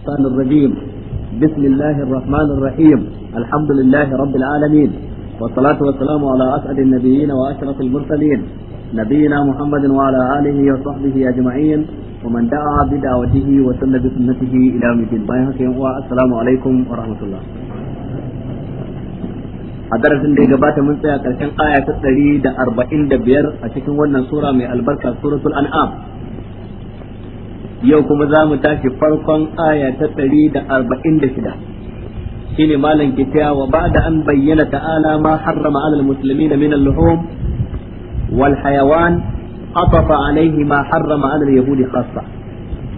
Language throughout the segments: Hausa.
الشيطان الرجيم بسم الله الرحمن الرحيم الحمد لله رب العالمين والصلاة والسلام على أسعد النبيين وأشرف المرسلين نبينا محمد وعلى آله وصحبه أجمعين ومن دعا بدعوته وسن بسنته إلى يوم الدين السلام عليكم ورحمة الله a darasin da ya gabata mun tsaya karshen aya ta 145 a سورة wannan sura mai albarka yau kuma za mu tashi farkon aya ta ɗari da arba'in da shida shine malam ke cewa wa ba'da an bayyana ta'ala ma harrama ala almuslimina min al-luhum wal hayawan atafa alaihi ma harrama ala yahudi khassa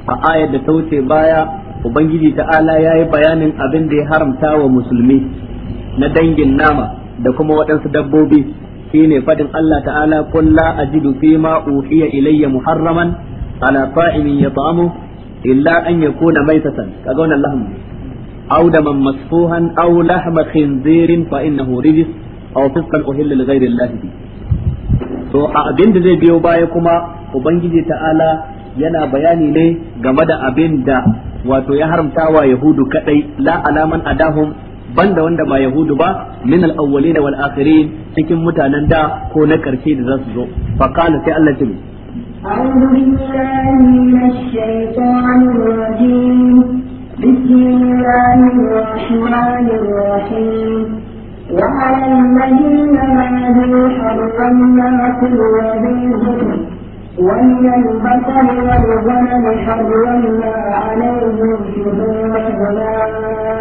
a ayar da ta wuce baya ubangiji ta'ala yayi bayanin abin da ya haramta wa musulmi na dangin nama da kuma waɗansu dabbobi shine faɗin Allah ta'ala kulla ajidu fima uhiya ilayya muharraman ala ya yat'amu illa an yakuna maitatan kaga wannan lahmu aw daman masfuhan aw lahma khinzirin fa innahu rijis aw fisqan uhilla li ghairi Allah to abin da zai biyo baya kuma ubangiji ta'ala yana bayani ne game da abin da wato ya haramta wa yahudu kadai la alaman adahum banda wanda ba yahudu ba min al-awwalin wal akhirin cikin mutanen da ko na karshe da za su zo fa qala sai Allah أعوذ بالله من الشيطان الرجيم بسم الله الرحمن الرحيم وعلى الذين هادوا حرمنا كل ومن والغنم حرمنا عليهم شهورهما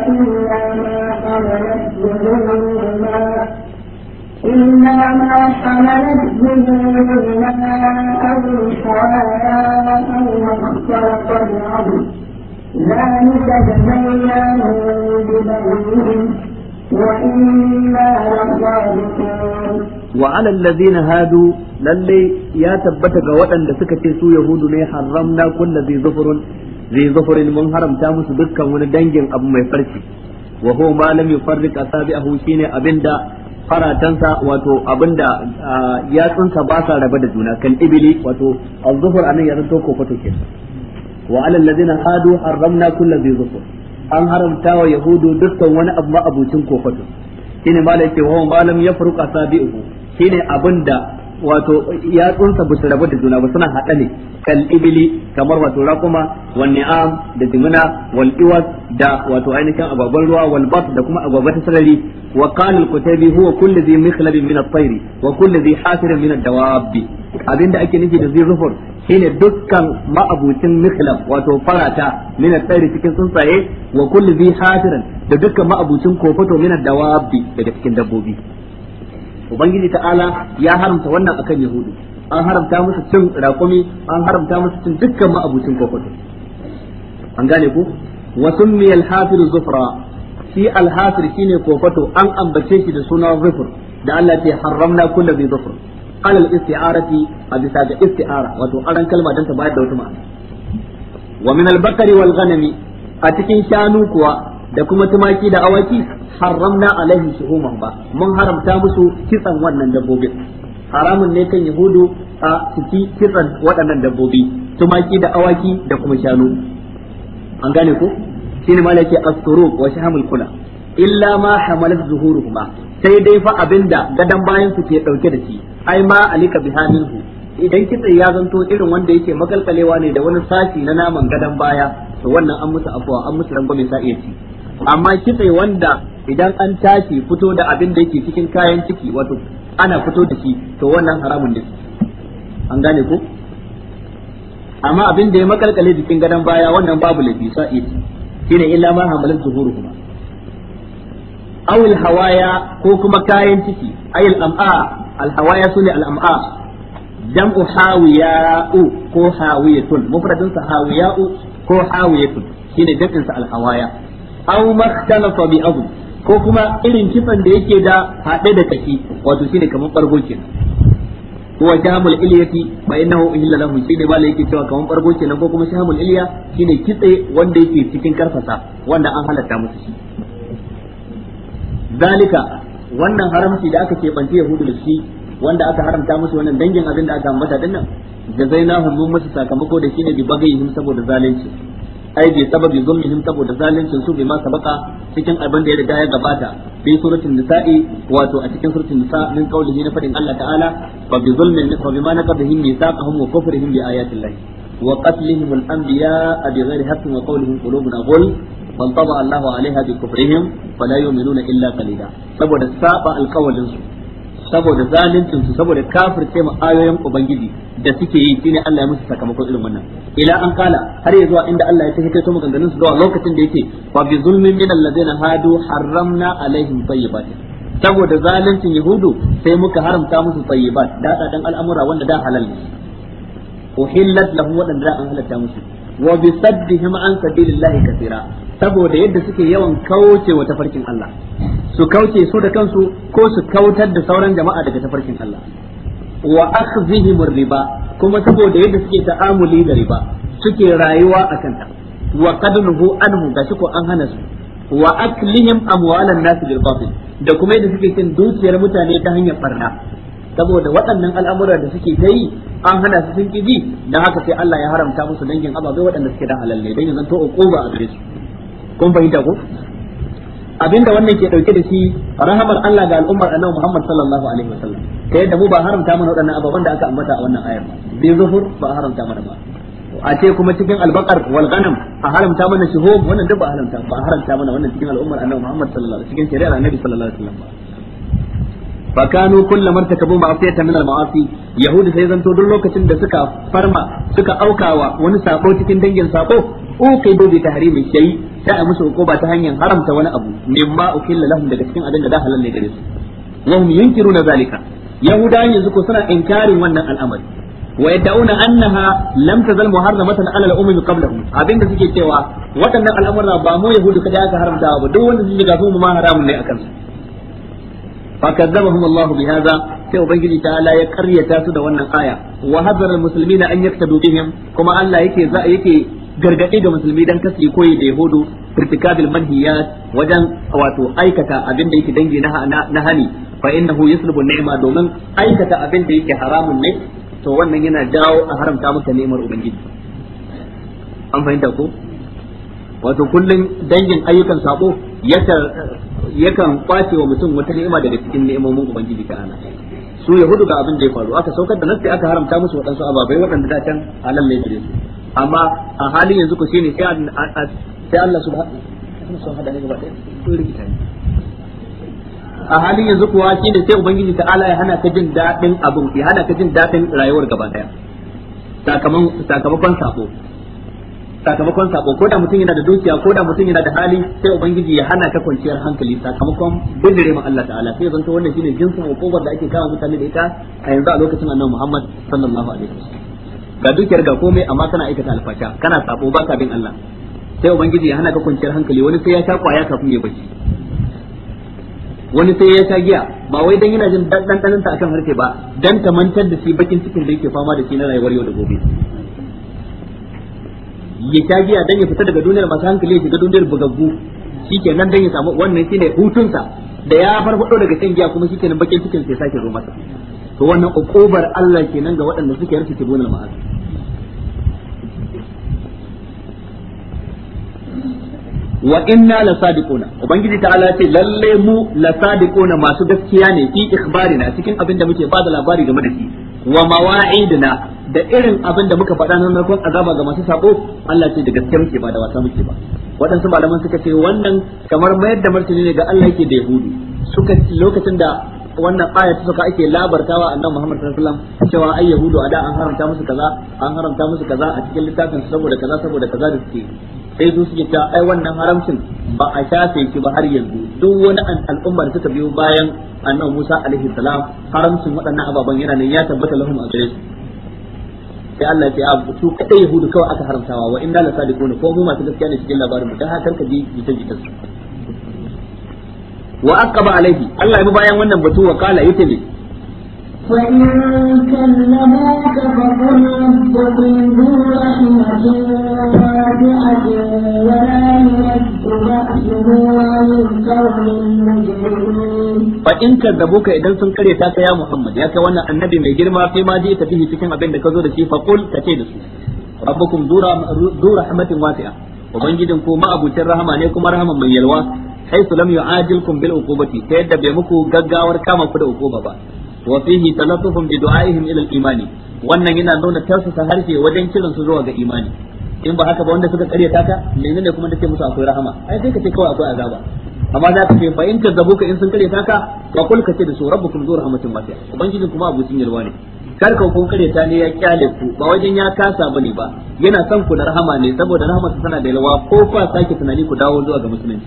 إلا ما حملت ظهورهما إلا ما حملت به أو الحواء واختلط الأرض ذلك جزيناه ببغيهم وإنا لصادقون وعلى الذين هادوا lallai ya tabbata ga waɗanda suka ce su yahudu ne haramna kulla zai zufurin mun haramta musu dukkan wani dangin abu mai farci wa huwa ma lam yufarriq asabi'ahu abinda faratansa wato abinda yatsunsa ba sa raba da juna kan ibili wato az anan ya zanto ko kwato kenan wa alal ladina hadu haramna kullu bi zuhur an haramta wa yahudu dukkan wani abu abucin kofato shine malai ce wa malam ya furqa sabi'u shine abinda wato yatsunsa ba su rabu da juna ba suna haɗa ne kan ibili kamar wato rakuma wan ni'am da jimina wal iwas da wato ainihin agwagwan ruwa wal da kuma agwagwa ta sarari wa qala al kutabi huwa kullu dhi mikhlabin min at-tayr wa kullu dhi hasirin min ad-dawab abinda ake nufi da zai zufur shine dukkan ma'abucin mikhlab wato farata min at-tayr cikin tsuntsaye wa kullu dhi hasirin da dukkan ma'abucin kofato min ad-dawab daga cikin dabbobi ubangiji ta'ala ya haramta wannan akan yahudu an haramta musu cin raƙumi an haramta musu cin dukkan ma'abucin kofato an gane ku wa summiya al-hafir zufra shi al-hafir shine kofato an ambace shi da suna zufur da Allah ya haramna kullu bi zufur qala al-isti'arati a bisa ga isti'ara wato aran kalma dan ta bayar da wata ma'ana wa min al-bakari wal ghanami a cikin shanu kuwa da kuma tumaki da awaki haramna alaihi shuhuman ba mun haramta musu kitsan wannan dabbobin haramun ne kan yahudu a ciki kitsan waɗannan dabbobi tumaki da awaki da kuma shanu an gane ko shi ne malaki as wa shahamul kula illa ma hamalat zuhuruhuma sai dai fa abinda gadan bayan su ke dauke da shi ai ma alika bihaminhu idan kitse ya zanto irin wanda yake makalkalewa ne da wani sashi na naman gadan baya to wannan an musu afuwa an musu rangwame sa iya ci amma kitse wanda idan an tashi fito da abin da yake cikin kayan ciki wato ana fito da shi to wannan haramun ne an gane ko amma abin da ya makalkale jikin gadon baya wannan babu lafi sa'id shine illa ma hamalat zuhuruhuma aw al hawaya ko kuma kayan ciki ay al am'a al hawaya ne al am'a jam'u hawiya'u ko hawiyatun mufradun sa hawiya'u ko hawiyatun shine jam'in sa al hawaya aw makhtalafa bi abu ko kuma irin kifan da yake da haɗe da kaki wato shine kamar bargo kenan huwa shamul ilyati fa innahu illa lahu ne bala yake cewa kaman bargo kenan ko kuma shamul ilya shine kitse wanda yake cikin karfasa wanda an halatta musu shi zalika wannan haramci da aka keɓance yahudu da shi wanda aka haramta musu wannan dangin abin da aka ambata dinnan da jazainahum mun masu sakamako da shine bi bagayhim saboda zalunci ai bi sababi zulmihim saboda zalincin su ma sabaka cikin abin da ya riga ya gabata bi suratul nisa'i wato a cikin suratul nisa min qawlihi na fadin Allah ta'ala fa bi zulmin fa bima naqadhihim mithaqahum wa kufrihim bi ayati Allah wa qatlihim al anbiya bi ghairi haqqin wa qawlihim qulubuna ghul فانطبع الله عليها بكفرهم فلا يؤمنون illa قليلا saboda saba alqawlin su saboda zalincin su saboda kafirce mu ayoyin ubangiji da suke yi shine Allah ya musu sakamakon irin wannan ila an kala har ya zuwa inda Allah ya tafi kai to maganganun su zuwa lokacin da yake fa bi zulmin min alladhina hadu harramna alaihim tayyibatin saboda zaluncin yahudu sai muka haramta musu tayyibat da al'amura wanda da halal ne uhillat lahum wadanda da an halatta musu wa bi saddihim an sabilillahi kaseera saboda yadda suke yawan kauce wa tafarkin Allah su kauce su da kansu ko su kautar da sauran jama'a daga tafarkin Allah wa akhdhihim riba kuma saboda yadda suke ta'amuli da riba suke rayuwa akan ta wa qadnuhu anhu gashi ko an hana su wa aklihim amwalan nas bil batil da kuma yadda suke cin dukiyar mutane ta hanyar barna saboda waɗannan alamuran da suke ta yi an hana su sun kiji dan haka sai Allah ya haramta musu dangin ababai waɗanda suke da halal ne dan yanzu to uquba a gare su kun fahimta ko abinda wannan ke dauke da shi rahamar Allah ga al'ummar Annabi Muhammad sallallahu alaihi wasallam ta yadda mu ba haramta mana waɗannan ababen da aka ambata a wannan ayar bi zuhur ba haramta mana ba a ce kuma cikin albaqar wal ghanam a haramta mana shuhum wannan duk ba haramta ba haramta mana wannan cikin al'ummar annabi Muhammad sallallahu alaihi wasallam cikin shari'ar annabi sallallahu alaihi wasallam fa kanu kullam martakabu ma'asiyatan min al-ma'asi yahudi sai zanto duk lokacin da suka farma suka aukawa wani sabo cikin dangin sabo uqidu bi tahrimi shay sai a musu hukuma ta hanyar haramta wani abu mimma ukilla lahum daga cikin abin da da halal ne gare su wa hum yunkiruna zalika yahudawa yanzu ko suna inkarin wannan al'amari wa yad'una annaha lam tazal muharramatan ala al-umam qablahum abinda suke cewa waɗannan al'amura ba mu yahudu kada aka haramta ba duk wanda suke gasu mu ma haramun ne akan su فكذبهم الله بهذا sai ubangiji ta'ala ya karyata su da wannan aya wa hadara almuslimina an yaktadu bihim kuma Allah yake za yake gargaɗi ga musulmi dan kasli koyi da yahudu irtikabil manhiyat wajen wato aikata abin da yake dangi na hani fa innahu yaslubu ni'ma domin aikata abin da yake haramun ne to wannan yana dawo a haramta maka ni'mar ubangiji an fahimta ko wato kullun dangin ayyukan sako yakan kwace wa mutum wata ni'ima daga cikin ni'imomin ubangiji ana su yahudu ga abin da ya faru aka saukar da nasi aka haramta musu waɗansu ababai waɗanda da can halal ne gare su amma a halin yanzu ku shine sai Allah subhanahu wa ta'ala sun hada ne gaba ɗaya rikita ne a halin yanzu kuwa shine sai ubangiji ala ya hana ka jin dadin abun ya hana ka jin daɗin rayuwar gaba ɗaya sakamakon sakamakon sako sakamakon sako ko da mutum yana da dukiya ko da mutum yana da hali sai ubangiji ya hana ka kwanciyar hankali sakamakon bindire ma Allah ta'ala sai zanto wannan shine jinsin hukumar da ake kawo mutane da ita a yanzu a lokacin annabi Muhammad sallallahu alaihi wasallam ga dukiyar ga komai amma kana aikata alfasha kana sako baka bin Allah sai ubangiji ya hana ka kwanciyar hankali wani sai ya sha kwaya kafin ya bace wani sai ya sha giya ba wai dan yana jin dandanan ta akan harshe ba dan ta mantar da shi bakin cikin da yake fama da shi na rayuwar yau da gobe ya sha giya dan ya fita daga duniyar masu hankali ya shiga duniyar bugaggu shikenan dan ya samu wannan shine hutunsa da ya farfado daga shan giya kuma shikenan bakin cikin sai sake zo masa to wannan ukubar Allah ke nan ga waɗanda suke rike tibunan ma'asi wa inna la sadiquna ubangiji ta'ala ce lalle mu la sadiquna masu gaskiya ne fi ikhbarina cikin abin da muke bada labari game da shi wa mawa'idina da irin abin da muka faɗa nan narkon azaba ga masu sako Allah ce da gaskiya muke ba da wasa muke ba waɗansu malaman suka ce wannan kamar mayar da martani ne ga Allah yake da yahudu suka lokacin da wannan aya ta suka ake labartawa annabi Muhammad sallallahu alaihi wasallam cewa ai yahudu a da an haramta musu kaza an haramta musu kaza a cikin littafin saboda kaza saboda kaza da suke sai su suke ta ai wannan haramcin ba a shafe shi ba har yanzu duk wani al'ummar da suka biyo bayan annabi Musa alaihi salam haramcin waɗannan ababen yana nan ya tabbata lahum a gare su sai Allah ya ce a su kadai yahudu kawai aka haramtawa wa inna la sadiquna ko mu masu gaskiya ne cikin labarin mu dan haka ka bi jita jita wa aqaba alaihi Allah ya bi bayan wannan batu wa kala yace فإن كلموك فقل ربك ذو رحمة واسعة ولا Fa in kadzabuka idan sun kare ta kai ya Muhammad ya kai wannan annabi mai girma kai ma ji ta fihi cikin abin da ka zo da shi fa qul ka ce da su rabbukum dura dura rahmatin wasi'a ubangijin ku ma abucin rahama ne kuma rahaman mai yalwa kai sulam yu'ajilkum bil uqubati ta yadda bai muku gaggawar kama ku da uquba ba wa fihi talatuhum bi du'aihim imani wannan yana nuna tausasa harshe wajen kiran su zuwa ga imani in ba haka ba wanda suka karyata ka menene kuma take musu akwai rahama ai sai ka ce kawai akwai azaba amma za ka ce fa in in sun karyata ka fa kul ka ce da su rabbukum zu rahmatin wasi'a ubangijin kuma abucin yalwa ne kar ka kun karyata ne ya kyale ku ba wajen ya kasa bane ba yana son ku da rahama ne saboda rahama tana da yalwa ko fa sake tunani ku dawo zuwa ga musulunci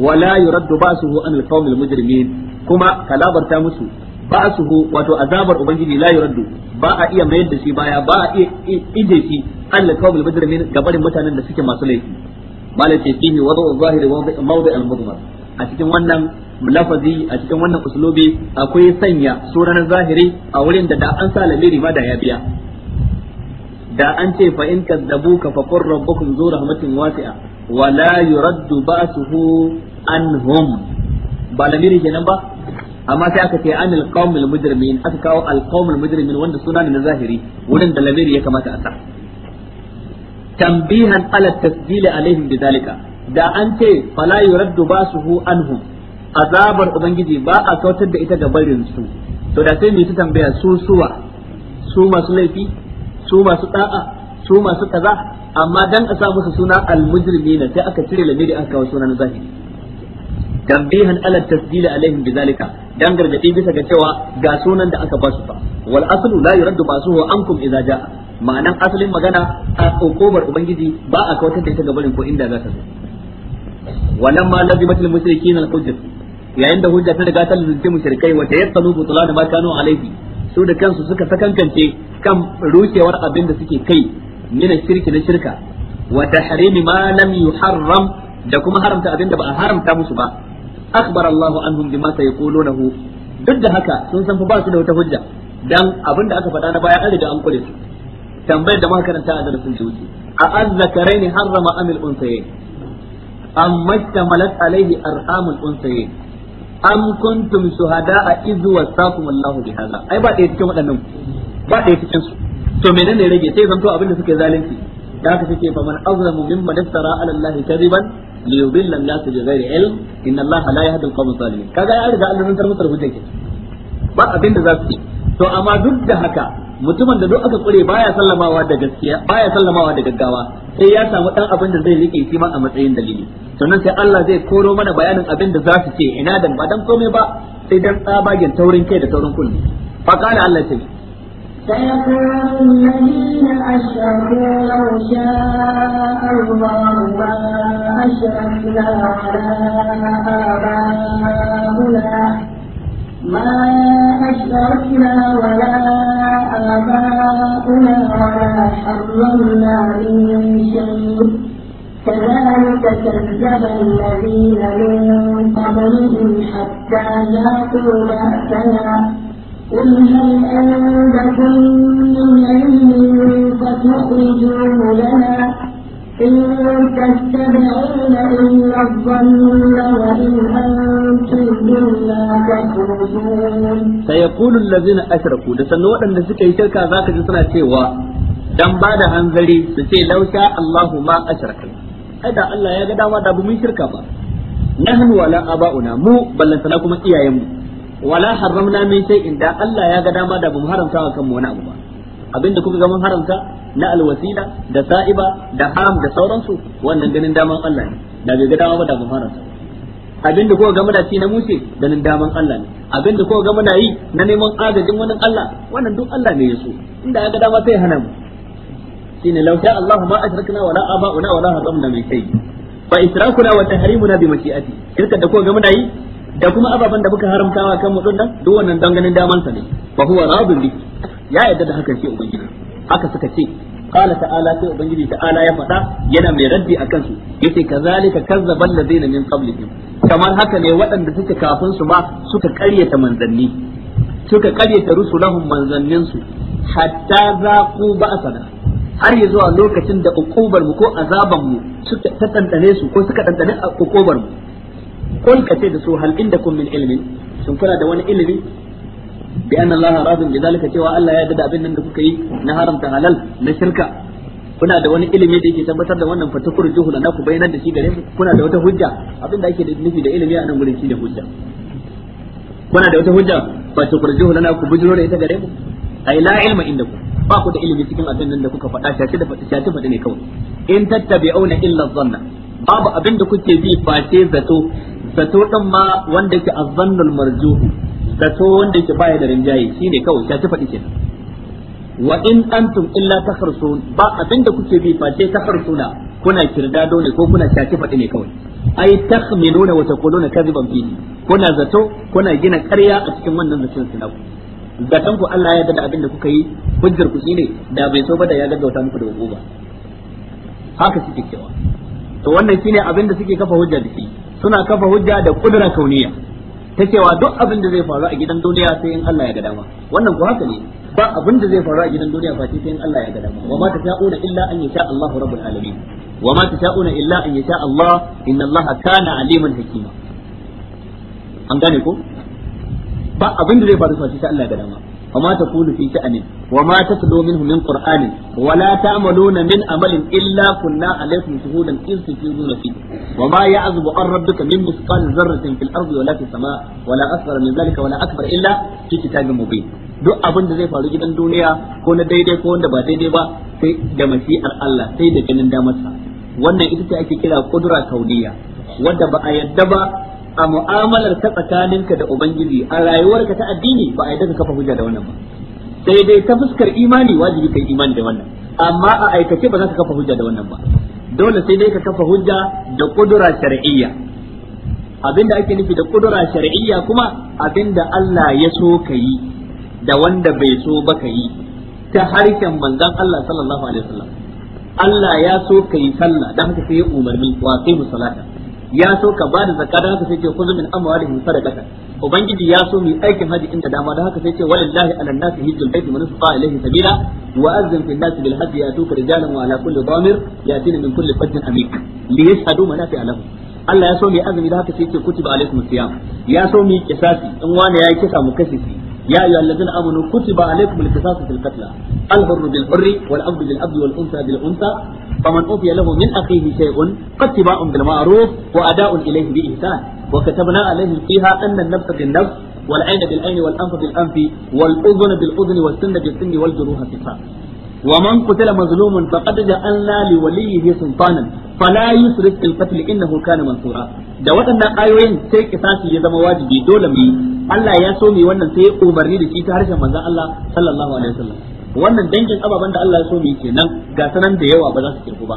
wala yuraddu ba'suhu an al-qawmil mujrimin kuma kalabarta musu Ba suhu wato azabar ubangiji la yuraddu ba a iya mayar da shi baya ba a iya ije shi Allah kawai badar gabarin mutanen da suke masu laifi malace fihi zahir zahiri mawdi' al-mudmar a cikin wannan lafazi a cikin wannan uslubi akwai sanya suran zahiri a wurin da da an sa lamiri ma da ya biya da an ce fa in ka fa qur rabbukum zu rahmatin wasi'a wa la yuraddu ba'suhu anhum ba lamiri kenan ba amma sai aka ce anil qaumil mujrimin aka kawo al qaumil mujrimin wanda suna ne na zahiri wurin da lamiri ya kamata a sa tambihan ala tasdil alaihim bidalika da an ce fala yuraddu basuhu anhum azabar ubangiji ba a kautar da ita ga barin su to da sai mu ta tambaya su suwa su masu laifi su masu da'a su masu kaza amma dan a sa musu suna al mujrimina sai aka cire lamiri aka kawo suna na zahiri tambihan ala tasjil alaihim bidhalika dan gargadi bisa ga cewa ga sunan da aka basu fa wal aslu la yuraddu basuhu ankum idza jaa ma'anan asalin magana a hukumar ubangiji ba a kautar da ita ga barin ko inda za ta zo wannan ma lazimatul mushrikin al hujjat yayin da hujja ta riga ta lalace mushrikai wa tayassanu butlan ma kanu alaihi su da kansu suka sakankance kan rushewar abinda suke kai min shirki na shirka wa tahrimi ma lam da kuma haramta abin da ba a haramta musu ba akhbara Allahu anhum bima sayqulunahu duk da haka sun san fa ba su da wata hujja dan abinda aka faɗa na baya an riga an kure su tambayar da makaranta a darasin da a an ne harrama amil unsaye amma mastamalat alaihi arhamul unsaye am kuntum shuhada'a iz wasaqum Allah bi hadha ai ba ɗaya cikin waɗannan ba ɗaya cikin su to menene rage sai zanto abinda suke zalunci da haka take fa man azlamu mimman iftara ala allahi kadiban li yudilla an-nas bi ghairi ilm inna allaha la yahdi al-qawm adh-dhalimin kaga ya riga Allah nan tarmutar hujjar ke ba abin da za su yi to amma duk da haka mutumin da duk aka kure baya sallamawa da gaskiya baya sallamawa da gaggawa sai ya samu dan abin da zai rike shi ma a matsayin dalili sannan sai Allah zai koro mana bayanin abin da za su ce ina dan ba dan komai ba sai dan tsabagen taurin kai da taurin kunni fa kana Allah ce فيقول الذين أشركوا لو شاء الله ما أشركنا على آبائنا ما أشركنا ولا آباؤنا ولا حرمنا من شيء كذلك كذب الذين من قبلهم حتى ذاقوا بأسنا قل هل عندكم من علم فتخرجوه لنا إن تتبعون إلا الظن وإن أنتم إلا تخرجون سيقول الذين أشركوا لسنوات أن سكي شركة ذاك جسنا سوى dan ba da hanzari su ce lausha Allahu ma ashraka ai da Allah ya ga dama da bu mun shirka ba nahnu wala aba'una mu ballantana kuma iyayenmu wala harramna min shay'in da Allah ya ga dama da bamu haramta wa kanmu wani abu ba abinda kuka ga mun haramta na alwasila da sa'iba da haram da sauransu wannan ganin daman Allah ne da bai ga dama ba da bamu haramta abinda kuka ga muna ci na mushe ganin daman Allah ne abinda kuka ga muna yi na neman agajin wani Allah wannan duk Allah ne ya so inda ya ga dama sai hana mu shine law sha Allah ma ashrakna wala aba'una wala hadamna min shay'in fa israkuna wa tahrimuna bi mashi'ati shirka da ko ga muna yi da kuma ababen da muka wa kan mu nan, duk wannan danganin daman sa ne fa huwa radun bi ya yadda da hakan sai ubangiji haka suka ce qala ta'ala sai ubangiji ta'ala ya faɗa yana mai raddi akan su yace kazalika kazzabal ladina min qablihim kamar haka ne waɗanda suke kafin su ma suka ƙaryata manzanni suka ƙaryata rusulahum manzannin su hatta zaqu har ya zuwa lokacin da ukubar mu ko azaban mu suka ta dandane su ko suka dandane ukubar mu kun ka ce da su hal indakum min ilmin shin kuna da wani ilimi da abin nan da da wani ilimi da yake da na ku bayyana da shi gare mu kuna da wata hujja abin da nufi da ilimi a nan shi da hujja kuna da wata hujja na ku da ita gare mu ilma ba ku da ilimi cikin abin nan da kuka faɗa shaci da faɗi ne kawai in tattabi'una illa dhanna babu abin da kuke bi face zato zato din ma wanda yake azzannul marjuhu zato wanda yake baya da rinjaye shine kawai ta ci faɗi kenan wa in antum illa takhrusun ba abinda kuke bi face takhrusuna kuna kirda dole ko kuna ci faɗi ne kawai ai takhminuna wa taquluna kadiban fihi kuna zato kuna gina ƙarya a cikin wannan zaton sinaku zaton ku Allah ya da abinda kuka yi hujjar ku shine da bai so ba da ya gaggauta muku da hukuma haka suke cewa to wannan shine abinda suke kafa hujjar da shi suna kafa hujja da kudura kauniya ta cewa duk abin da zai faru a gidan duniya sai in Allah ya ga dama wannan ko haka ne ba abin da zai faru a gidan duniya face sai in Allah ya ga dama wa ma tasha'una illa an yasha Allah rabbul alamin wa ma tasha'una illa an yasha Allah inna Allah kana aliman hakima an gane ko ba abin da zai faru face sai Allah ya ga dama وما تقول في شأنه وما تتلو منه من قرآن ولا تعملون من عمل إلا كنا عليكم شهودا إذ تفيضون فيه وما يعذب عن ربك من مثقال ذرة في الأرض ولا في السماء ولا أصغر من ذلك ولا أكبر إلا في كتاب مبين duk abin da zai faru gidan duniya ko na daidai ko wanda ba daidai ba sai da mashi'ar Allah sai da ganin damarsa wannan ita ce ake kira kudura kauniya wadda ba a yadda ba a mu'amalar ta tsakaninka da ubangiji a rayuwarka ta addini ba a yadda ka kafa hujja da wannan ba sai dai ta fuskar imani wajibi kai imani da wannan amma a aikace ba za ka kafa hujja da wannan ba dole sai dai ka kafa hujja da kudura shar'iyya abinda ake nufi da kudura shar'iyya kuma abinda Allah ya so ka yi da wanda bai so ba ka yi ta harshen manzon Allah sallallahu alaihi wasallam Allah ya so ka yi sallah dan haka sai ya umarni wa sai musalata ya so ka da zakka dan haka sai ce kuzu min amwalihim sadaqatan ubangiji ya so mu aikin haji inda dama dan haka sai ce walillahi ala nasi hijjul baiti man istata ilayhi sabila wa azzim fil nasi bil hajji yatuka rijalan wa ala kulli damir yatina min kulli fajjin amik li yashhadu manafi'a lahum Allah ya so mu azumi dan haka sai ce kutiba alaikum siyam ya so mu kisasi in wani ya kisa mu kashe shi يا أيها الذين آمنوا كتب عليكم القصاص في القتلى الحر بالحر والعبد بالعبد والأنثى بالأنثى فمن أوفي له من أخيه شيء فاتباع بالمعروف وأداء إليه بإحسان وكتبنا عليهم فيها أن النفس بالنفس والعين بالعين والأنف بالأنف والأذن بالأذن والسن بالسن والجروح قصاص ومن قتل مظلوم فقد جعلنا لوليه سلطانا فلا يسرف في القتل انه كان منصورا da waɗannan ayoyin sai kisasi ya zama wajibi dole mu Allah ya so mu wannan sai umarni da shi ta harshen manzon Allah sallallahu alaihi wasallam wannan dangin ababen da Allah ya so mu yi kenan ga sanan da yawa ba za su kirku ba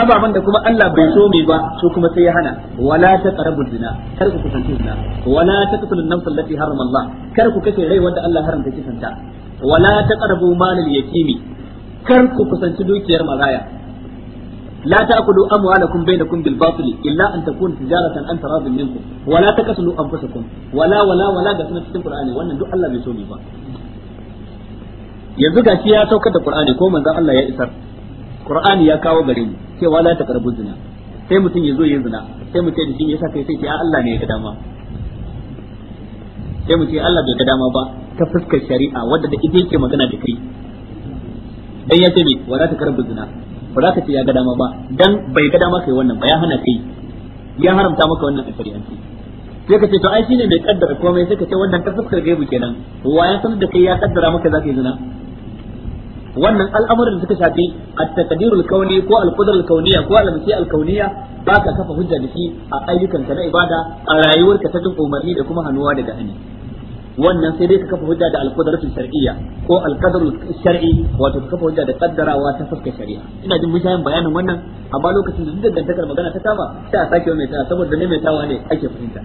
ababen da kuma Allah bai so mu ba to kuma sai ya hana wala taqrabul zina kar ku kusanci zina wala taqtulun nafs allati harrama Allah kar ku kace rai wanda Allah haramta kisanta wala taqrabu malal yatimi kar ku kusanci dukiyar maraya لا تأكلوا أموالكم بينكم بالباطل إلا أن تكون تجارة أن تراض منكم ولا تقتلوا أنفسكم ولا ولا ولا ده سنة القرآن وأن دو الله بيسومي با yanzu shi ya saukar da Qur'ani ko manzo Allah ya isar Qur'ani ya kawo gare mu cewa la karbu zina sai mutum ya zo ya zina sai mu ce da shi yasa kai sai ce Allah ne ya ga dama sai mu ce Allah bai ga dama ba ta fuskar shari'a wadda da ita yake magana da kai dan ya ce ne wa la taqrabu zina ba za ka ce ya ga dama ba dan bai ga dama kai wannan ba ya hana kai ya haramta maka wannan a shari'ance sai ka ce to ai shine mai kaddara komai sai ka ce wannan ta fuskar gaibu kenan wa ya sanar da kai ya kaddara maka zaka yi zina wannan al'amuran da suka shafi at-taqdirul kauni ko al-qudratul kauniyya ko al-mashi'atul kauniyya ba ka kafa hujja da shi a ayyukanka na ibada a rayuwarka ta duk umarni da kuma hannuwa daga hani wannan sai dai ka kafa hujja da al-qudratul shar'iyya ko al shar'i wato ka kafa hujja da kaddarawa ta fuskar shari'a ina jin mushayin bayanin wannan amma lokacin da duk dangantakar magana ta kama sai a sake mai ta saboda ne mai tawa ne ake fahimta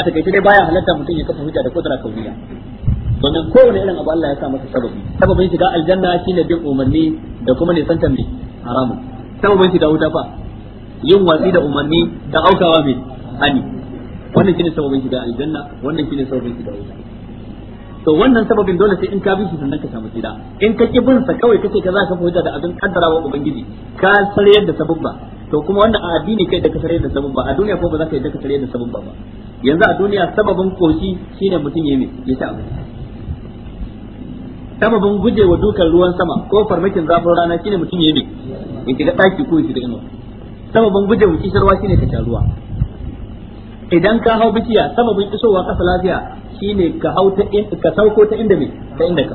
a takaice dai baya halatta mutum ya kafa hujja da kudura kauniya Wannan kowane irin abu Allah ya sa masa sababi sababin shiga aljanna shine bin umarni da kuma nisan tambi haramun sababin shiga wuta fa yin watsi da umarni da aukawa mai ani wannan shine sababin shiga aljanna wannan shine sababin shiga wuta to wannan sababin dole sai in ka bi shi sannan ka samu gida in ka ki bin sa kawai kace ka za ka fahimta da abin wa ubangiji ka sare yadda sababba to kuma wannan a addini kai da ka sare yadda sababba a duniya ko ba za ka yi da ka sare yadda sababba ba yanzu a duniya sababin koshi shine mutum yayi ya ta abinci sababin gujewa dukan ruwan sama ko farmakin zafin rana shine mutum ya yi ya kiga daki ko ya kiga inuwa sababin gujewa kishirwa shine ka ruwa idan ka hau bishiya sababin isowa kasa lafiya shine ka hau ta ka sauko ta inda me ta inda ka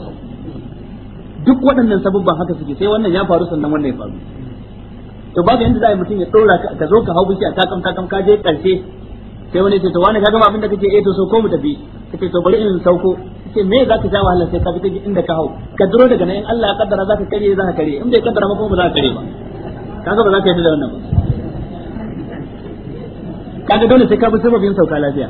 duk waɗannan sababban haka suke sai wannan ya faru sannan wannan ya faru to ba yanda za zai mutum ya ɗora ka zo ka hau bishiya takam takam ka je ƙarshe sai wani ce to wani ka gama abin da kake eh to so ko mu tafi kace to bari in sauko kace me zaka ja wahala sai ka fita inda ka hau ka duro daga nan in Allah ya kaddara zaka kare zaka kare in bai kaddara ba kuma ba ka kare ba kaga ba za ka yi da wannan ba kaga dole sai ka bi sababin sauka lafiya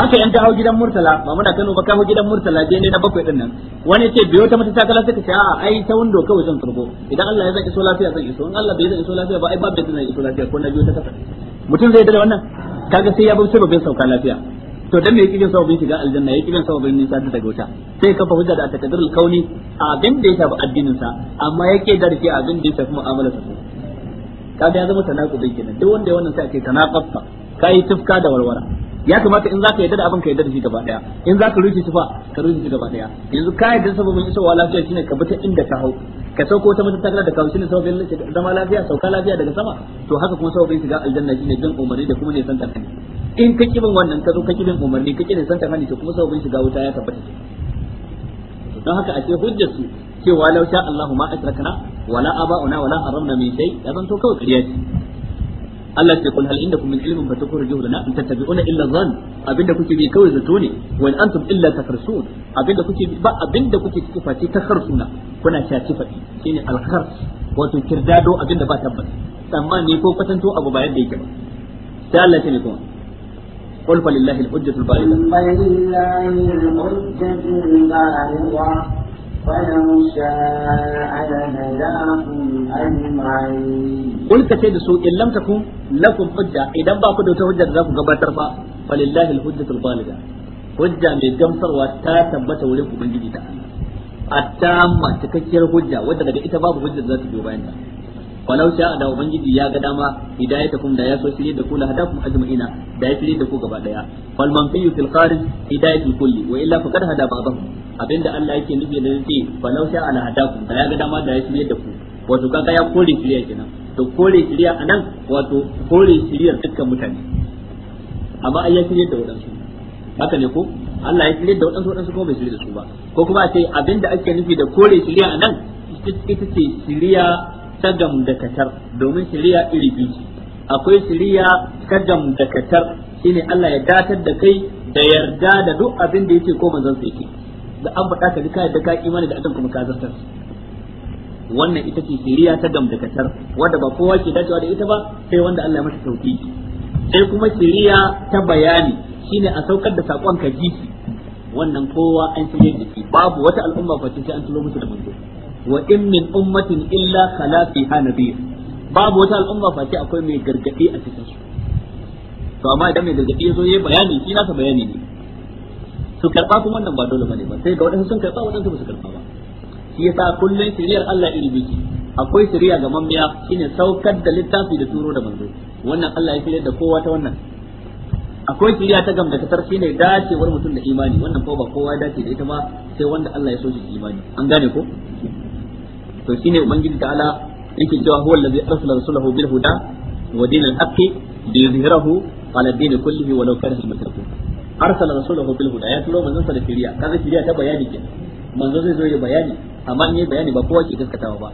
haka yan hau gidan murtala ba muna kano ba ka hau gidan murtala dai ne na bakwai din nan wani ce biyo ta mata ta kala sai ka ce a ai ta wando kawai zan turbo idan Allah ya zaki so lafiya zan iso in Allah bai zan so lafiya ba ai babu da zan iso lafiya ko na biyo ta kasa mutum zai da wannan kaga sai ya bi sababin sauka lafiya to dan me yake jin sababin shiga aljanna yake jin sababin nisa da daga wuta sai kafa hujja da takaddarul kauni abin da ya shafi addinin sa amma yake da rike abin da ya shafi mu'amalar sa kaga ya zama tanaqudin kenan duk wanda ya wannan sai ake tanaqaffa kai tufka da warwara ya kamata in zaka yarda da abin ka yarda da shi gaba daya in zaka rufe shi fa ka rufe shi gaba daya yanzu ka yadda sababin wala lafiya shine ka bi ta inda ka hau ka sauko ta mutunta da kawo shine sababin zama lafiya sauka lafiya daga sama to haka kuma sababin shiga aljanna shine bin umari da kuma ne san tarkani in ka kibin wannan ka zo ka kibin umarni ka kibin santa hani to kuma sababin shiga wuta ya tabbata don haka a ce hujjar su cewa law sha Allahu ma ashrakna wala aba'una wala haramna min shay ya zanto kawai ƙarya ce Allah ce kul hal indakum min ilmin fatukhrijuhu lana in tattabi'una illa dhann abinda kuke bi kawai zato ne wa in antum illa tafarsun abinda kuke bi ba abinda kuke ciki face takharsuna kuna shaci fadi shine al-khars wato kirdado abinda ba tabbas tsammani ko kwatanto abu ba yadda yake ba sai Allah ya ce ne kuma قل فلله الحجة البالغة فلله الحجة البالغة ولو شاء لهداكم أجمعين قل كسيد سوء إن لم تكن لكم حجة إذا باكو دوتا حجة ذاكو قباتر فا فلله الحجة البالغة حجة من جمسر وتاتبت ولكم من جديد التامة تكتير حجة ودى إذا باب حجة ذاك بيوبانها walau sha da ubangiji ya ga dama hidayatakum da ya so shirye da ku la hadakum ajma'ina da ya shirye da ku gaba daya fal fi fil kharij hidayatul kulli wa illa faqad hada ba'dahu abinda Allah yake nufi da yake walau sha ala hadakum da ya ga dama da ya shirye da ku wato kaga ya kore shirya kenan to kore shirya anan wato kore shiryar dukkan mutane amma ai ya shirye da wadansu haka ne ko Allah ya shirye da wadansu wadansu kuma bai shirye da su ba ko kuma a ce abinda ake nufi da kore shirya anan ita ce shirya da katar domin shari'a iri biyu akwai shari'a da katar shine Allah ya datar da kai da yarda da duk abin da yake ko manzon sa yake da an faɗa ka duka da ka imani da adam kuma ka zartar wannan ita ce shari'a da katar wanda ba kowa ke dacewa da ita ba sai wanda Allah ya masa sauki sai kuma shari'a ta bayani shine a saukar da sakon ka ji wannan kowa an shirye da shi babu wata al'umma face ta an tulo musu da manzo wa in min ummatin illa khala fiha nabiy babu wata al'umma ce akwai mai gargadi a cikin su to amma idan mai gargadi yazo yayi bayani shi nasa bayani ne su karba kuma wannan ba dole bane ba sai ga wadansu sun karba wadansu ba su karba ba shi yasa kullun shiriyar Allah iri biki akwai shiriya ga mamiya shine saukar da littafi da turo da manzo wannan Allah ya shirya da kowa ta wannan akwai shiriya ta gam da kasar shine dacewar mutum da imani wannan ko ba kowa ya dace da ita ba sai wanda Allah ya so shi imani an gane ko to shine ubangiji ala yake cewa huwa allazi arsala rasulahu bil huda wa dinil haqqi yuzhirahu ala din kullihi wa law kana al mushrikun arsala rasulahu bil huda ya turo manzon sa da shari'a kaga shari'a ta bayani ke manzo zai zo ya bayani amma ne bayani ba kowa ke gaskatawa ba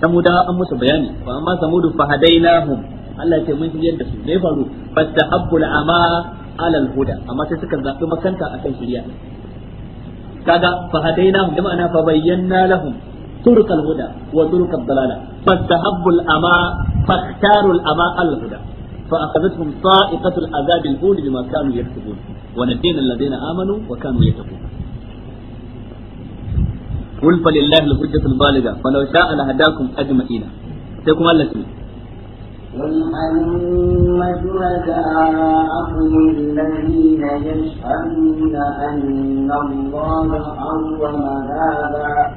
samuda an musu bayani fa amma samudu fa hadainahum Allah ce mun yi da su me faru abul ama al huda amma sai suka zabi makanta akan shari'a kaga fa hadainahum da ma'ana fa bayyana lahum طرق الهدى وطرق الضلالة فاستحبوا الأماء فاختاروا الأماء الهدى فأخذتهم صائقة العذاب الهون بما كانوا يكتبون ونجينا الذين آمنوا وكانوا يتقون قل فلله الحجة البالغة فلو شاء لهداكم أجمعين سيكم الله سمي قل أن شهداءكم الذين يشهدون أن الله حرم هذا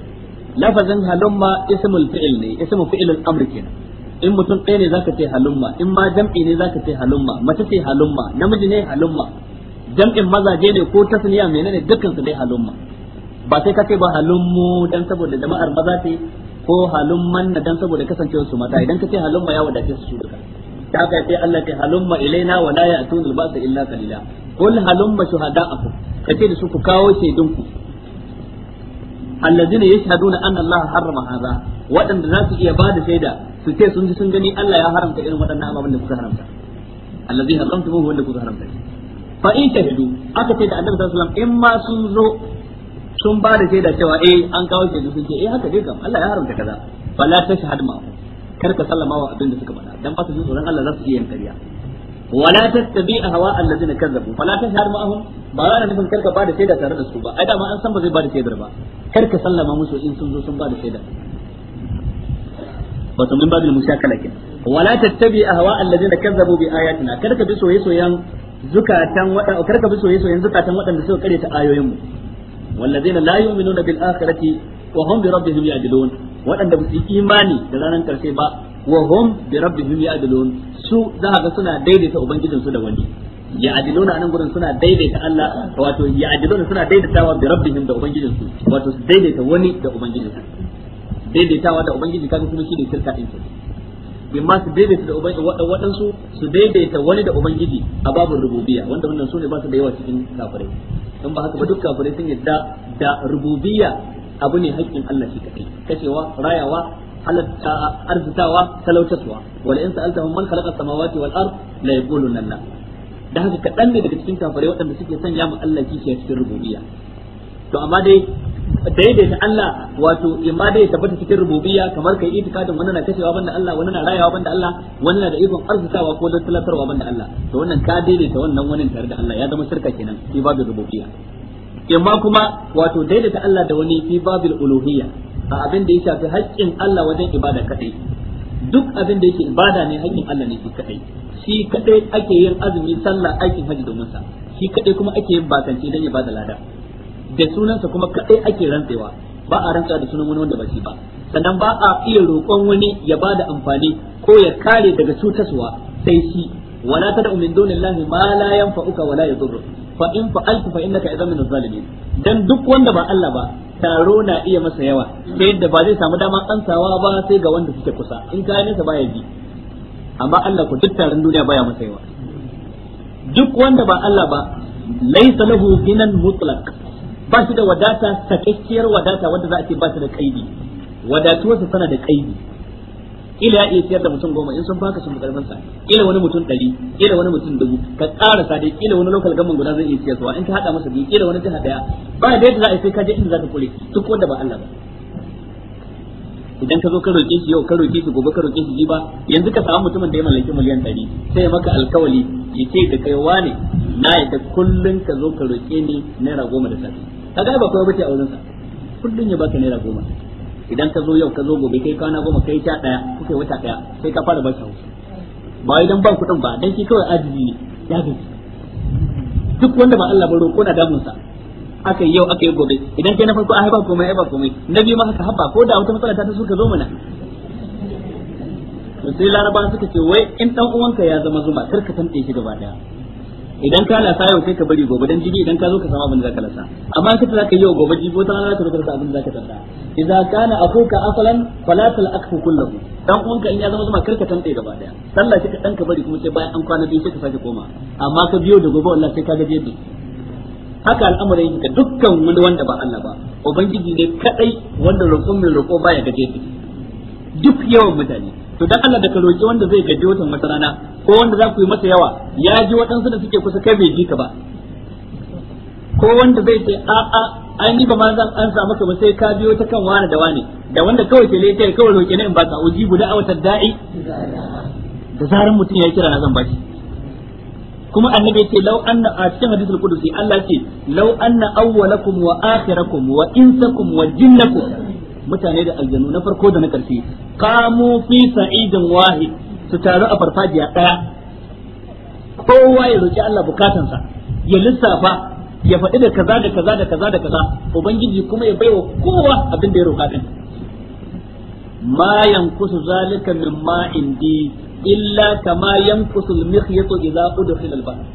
lafazin halumma ismul fi'il ne ismul fi'ilul amr kenan in mutum ɗaya ne zaka ce halumma in ma jam'i ne zaka ce halumma mace ce halumma namiji ne halumma jam'in mazaje ne ko tasniya menene dukkan su dai halumma ba sai ka ce ba halummu dan saboda jama'ar maza ce ko halumman na dan saboda kasancewar su mata idan ka ce halumma ya wadace su duka ta haka sai Allah ce halumma ilaina wa la ya'tuna al-ba'sa illa qalila qul halumma shuhada'akum kace da su ku kawo shaidunku allazina yashhaduna anna Allah harrama hadha waɗanda za su iya bada shaida su ce sun ji sun gani Allah ya haramta irin waɗannan ababen da kuka haramta allazi haramtumuhu wanda kuka haramta fa in shahidu aka ce da Annabi sallallahu alaihi wasallam in ma sun zo sun ba da shaida cewa eh an kawo shaidu sun ce eh haka dai kam Allah ya haramta kaza fala tashhad ma kar ka sallama wa abin da suka faɗa dan ba su ji tsoron Allah za su iya yankariya. ƙarya wala tattabi ahwa allazina kazzabu fala tashhad ma'ahum ba ana nufin karka ba da shaida tare da su ba ai dama an san ba zai ba da shaidar ba karka musu in sun zo sun ba da shaida wato min babil mushakala kin wala tattabi ahwa allazina kazzabu bi ayatina karka bi soyayya soyayyan zukatan wada bi soyayya soyayyan zukatan suka karya ta ayoyin mu wallazina la yu'minuna bil akhirati wa hum bi rabbihim imani da ranar karshe ba wa hum bi rabbihim ya'dilun su za ga suna daidaita ubangijinsu da wani ya'diluna anan gurin suna daidaita Allah wato ya'diluna suna daidaitawa bi rabbihim da ubangijinsu wato su daidaita wani da ubangijinsu daidaitawa da ubangiji kaga kuma shi ne shirka din bimma su daidaita da ubangiji waɗansu su daidaita wani da ubangiji a babin rububiyya wanda wannan sune ba su da yawa cikin kafirai in ba haka ba duk kafirai sun yadda da rububiyya abu ne hakkin Allah shi kadai kacewa rayawa arzitawa talautaswa wal in sa'altahum man khalaqa samawati wal ard la yaquluna Allah da haka kadan ne daga cikin kafare waɗanda suke sanya mu Allah kishi a cikin rububiyya to amma dai daidaita Allah wato imma dai tabbata cikin rububiyya kamar kai itikadin wani na kashewa banda Allah wani na rayawa banda Allah wani na da ikon arzitawa ko da talatarwa banda Allah to wannan ka daidaita wannan wani tare da Allah ya zama shirka kenan ba ibadar rububiyya imma kuma wato daidaita Allah da wani fi babil uluhiyya a abin da ya shafi haƙƙin Allah wajen ibada kadai duk abin da yake ibada ne haƙƙin Allah ne shi kadai shi kadai ake yin azumi sallah aikin haji domin sa shi kadai kuma ake yin bakanci dan ya bada lada da sunansa kuma kadai ake rantsewa ba a rantsa da sunan wani wanda ba shi ba sannan ba a iya roƙon wani ya bada amfani ko ya kare daga cutaswa sai shi wala tad'u min dunillahi ma la yanfa'uka wala yadurruka fa in fa'altu fa innaka idan min zalimin dan duk wanda ba Allah ba taro na iya masa yawa ta yadda ba zai samu dama ansawa ba sai ga wanda suke kusa in ka nesa baya bi amma Allah ko duk taron duniya baya masa yawa duk wanda ba Allah ba laisa lahu ginan mutlaq ba shi da wadata sakakkiyar wadata wanda za a ce ba shi da kaidi wadatuwarsa tana da kaidi ila ya iya siyar da mutum goma in sun baka sun karfin sa ila wani mutum ɗari ila wani mutum dubu ka ƙara sa dai ila wani lokal gaban guda zai iya siyar da in ka haɗa masa biyu ila wani jiha ɗaya ba da yadda za a sai ka je inda za ka kure duk wanda ba Allah ba idan ka zo ka roƙe shi yau ka roƙe shi gobe ka roƙe shi ba yanzu ka samu mutumin da ya mallaki miliyan ɗari sai maka alkawali ya ce da kai wane na yadda kullum ka zo ka roƙe ni naira goma da safe kaga ba kawai ce a wurinsa kullum ya baka naira goma idan ka zo yau ka zo gobe kai kwana goma kai sha daya kuke wata daya sai ka fara bashi ba idan ba kuɗin ba dan shi kawai ajiji ne ya gaji duk wanda ba Allah ba roƙo na damunsa aka yi yau aka yi gobe idan kai na farko ai ba komai ai ba komai na biyu ma haka habba ko da wata matsala ta ka zo mana sai laraba suka ce wai in dan uwanka ya zama zuma karka ka tantace shi gaba daya idan ka lasa yau kai ka bari gobe dan jibi idan ka zo ka samu abin da zaka lasa amma ka zaka yi gobe jibi wata rana ka samu abin da zaka tsada ka kana akuka asalan falatul talaqhu kullahu dan uwanka in ya zama zuma karka tantance gaba daya sallah sai ka dan ka bari kuma sai bayan an kwana biyu sai ka sake koma amma ka biyo da gobe wallahi sai ka ga jebi haka al'amarin yake dukkan wani wanda ba Allah ba ubangiji ne kadai wanda roƙon mai roƙo baya gaje duk yawan mutane to dan Allah da ka roki wanda zai gaji watan wata rana ko wanda za ku yi masa yawa ya ji waɗansu da suke kusa kai bai ji ka ba ko wanda zai ce a a an yi ba ma zan an samu ka ba sai ka biyo ta kan wani da wani da wanda kawai ke lafiya kawai roki ne in ba ta uji guda a wata da'i da zaran mutum ya kira na zan bashi kuma annabi ce law anna a cikin hadisul qudusi Allah ce law anna awwalakum wa akhirakum wa insakum wa jinnakum mutane da aljannu na farko da na karshe qamu fi sa'idin wahid su taru a farfajiya daya kowa ya roki Allah bukatansa ya lissafa ya faɗi da kaza da kaza da kaza da kaza ubangiji kuma ya baiwa kowa abin da ya roka din ma yankusu zalika min ma indi illa kama yankusu al-mikhyatu idza udkhila al-bahr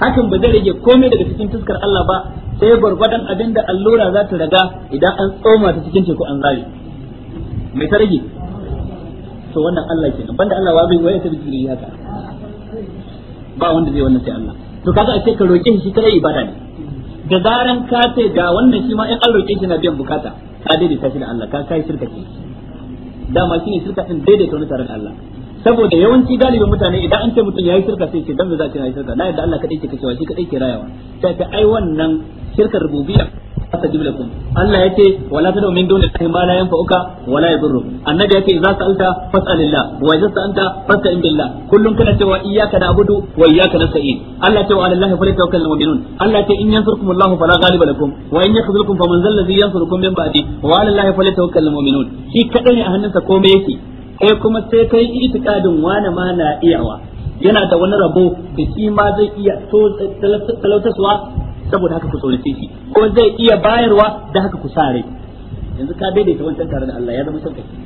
hakan ba zai rage komai daga cikin tuskar Allah ba sai gwargwadon abinda allura za ta raga idan an tsoma ta cikin teku an zabi. mai ta rage to wannan Allah nan banda Allah wa bai waye ta bijiri haka ba wanda zai wannan sai Allah to kaga a ce ka roke shi kare ibada ne da zaran ka ce ga wannan shi ma in an roke shi na biyan bukata ka ka shi da Allah ka kai shirka ce dama shine shirka din daidaita wani tare da Allah saboda yawanci galibin mutane idan an ce mutum yayi shirka sai ce dan da za ka yi shirka na yadda Allah kadai ke wa shi kadai ke rayawa sai ta ai wannan shirkar rububiyya astajib lakum Allah yace wala tadu min dunillahi ma la yanfa'uka wala yadurru annabi yace idza sa'alta fas'alillah wa idza sa'anta fasta'in billah kullun kana cewa iyyaka na'budu wa iyyaka nasta'in Allah yace wa 'ala Allahi falyatawakkalul mu'minun Allah yace in yansurkumullahu fala ghaliba lakum wa in yakhzulkum faman zal ladhi yansurukum min ba'di wa 'ala Allahi falyatawakkalul mu'minun shi kadai ne a sa komai yake kai kuma sai kai itikadin wani ma na iyawa yana da wani rabo da shi ma zai iya so talautarsuwa saboda haka ku tsorace shi ko zai iya bayarwa da haka ku sa rai yanzu ka daidaita wancan tare da Allah ya zama son kake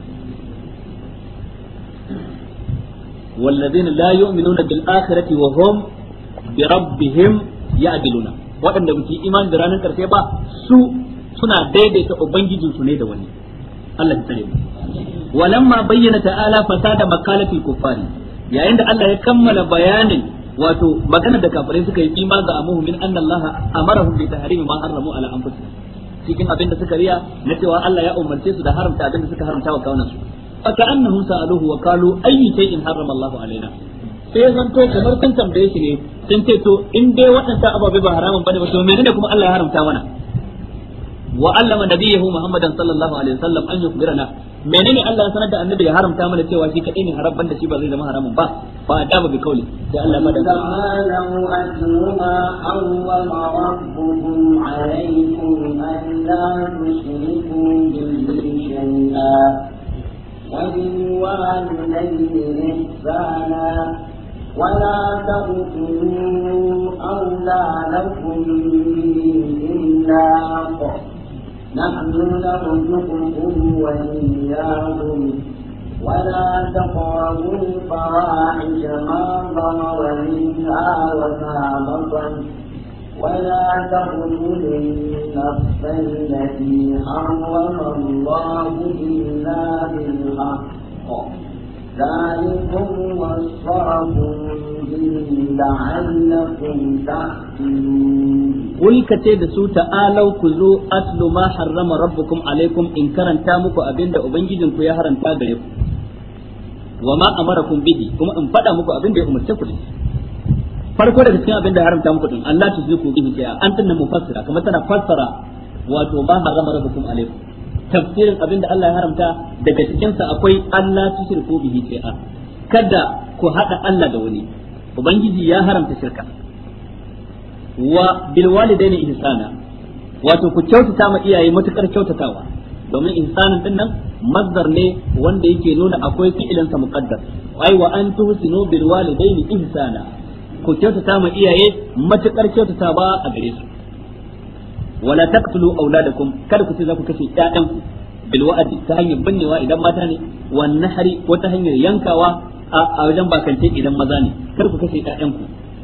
والذين لا يؤمنون بالآخرة وهم بربهم يعدلون waɗanda ba iman da ranar ƙarshe ba su suna daidaita ubangijin su ne da wani Allah ya tsare mu walamma bayyana ta'ala fasada makalatil kuffari yayin da Allah ya kammala bayanin wato magana da kafirai suka yi ima da amuhu min anna Allah amarahum bi tahrimi ma harramu ala anfusihim cikin abin da suka riya na cewa Allah ya umarce su da haramta abin da suka haramta wa kawunan su fa ka'annahum sa'aluhu wa qalu ayyi shay'in harrama Allah alaina sai zan to kamar sun tambaye shi ne sun ce to in dai waɗannan ababe ba haramun bane ba to menene kuma Allah ya haramta mana wa allama nabiyahu muhammadan sallallahu alaihi wasallam an yukbirana menene Allah ya sanar da annabi ya haramta mana cewa shi kadai ne haram banda shi ba zai zama haramun ba ba da ba bi kauli sai Allah ma da ta'alu asma awwama rabbukum alaykum an la tushriku bihi shay'a wa bil walidayni ihsana ولا تقتلوا أولادكم بالإملاق نحن نرزقكم وإياكم ولا تقربوا الفواحش ما ظهر منها وما بطن ولا تقتلوا النفس التي حرم الله إلا بالحق ذلكم وصركم Kul ka ce da su ta'alau ku zo atlu ma harrama rabbukum alaikum in karanta muku abinda ubangijinku ya haranta gare ku wa ma amarakum bihi kuma in faɗa muku abinda ya umarce ku da farko daga cikin abinda ya haramta muku din Allah ta zuku bihi jiya, an tanna mufassira kuma tana fassara wato ma harrama rabbukum alaikum tafsirin abin da Allah ya haramta daga cikinsa akwai Allah tushirku bihi shay'a kada ku haɗa Allah da wani ubangiji ya haramta shirka wa bil walidaini ihsana wato ku kyautata ma iyaye matukar kyautatawa domin insanin din nan mazdar ne wanda yake nuna akwai fiilinsa sa muqaddar ai wa an tuhsinu bil walidaini ihsana ku kyautata ma iyaye matukar kyautatawa a gare su wala taqtulu auladakum kada ku ce za ku kashe ƴaƴanku bil wa'di ta hanyar binnewa idan mata ne wan nahri ko ta hanyar yankawa a wajen bakance idan maza ne kada ku kashe ƴaƴanku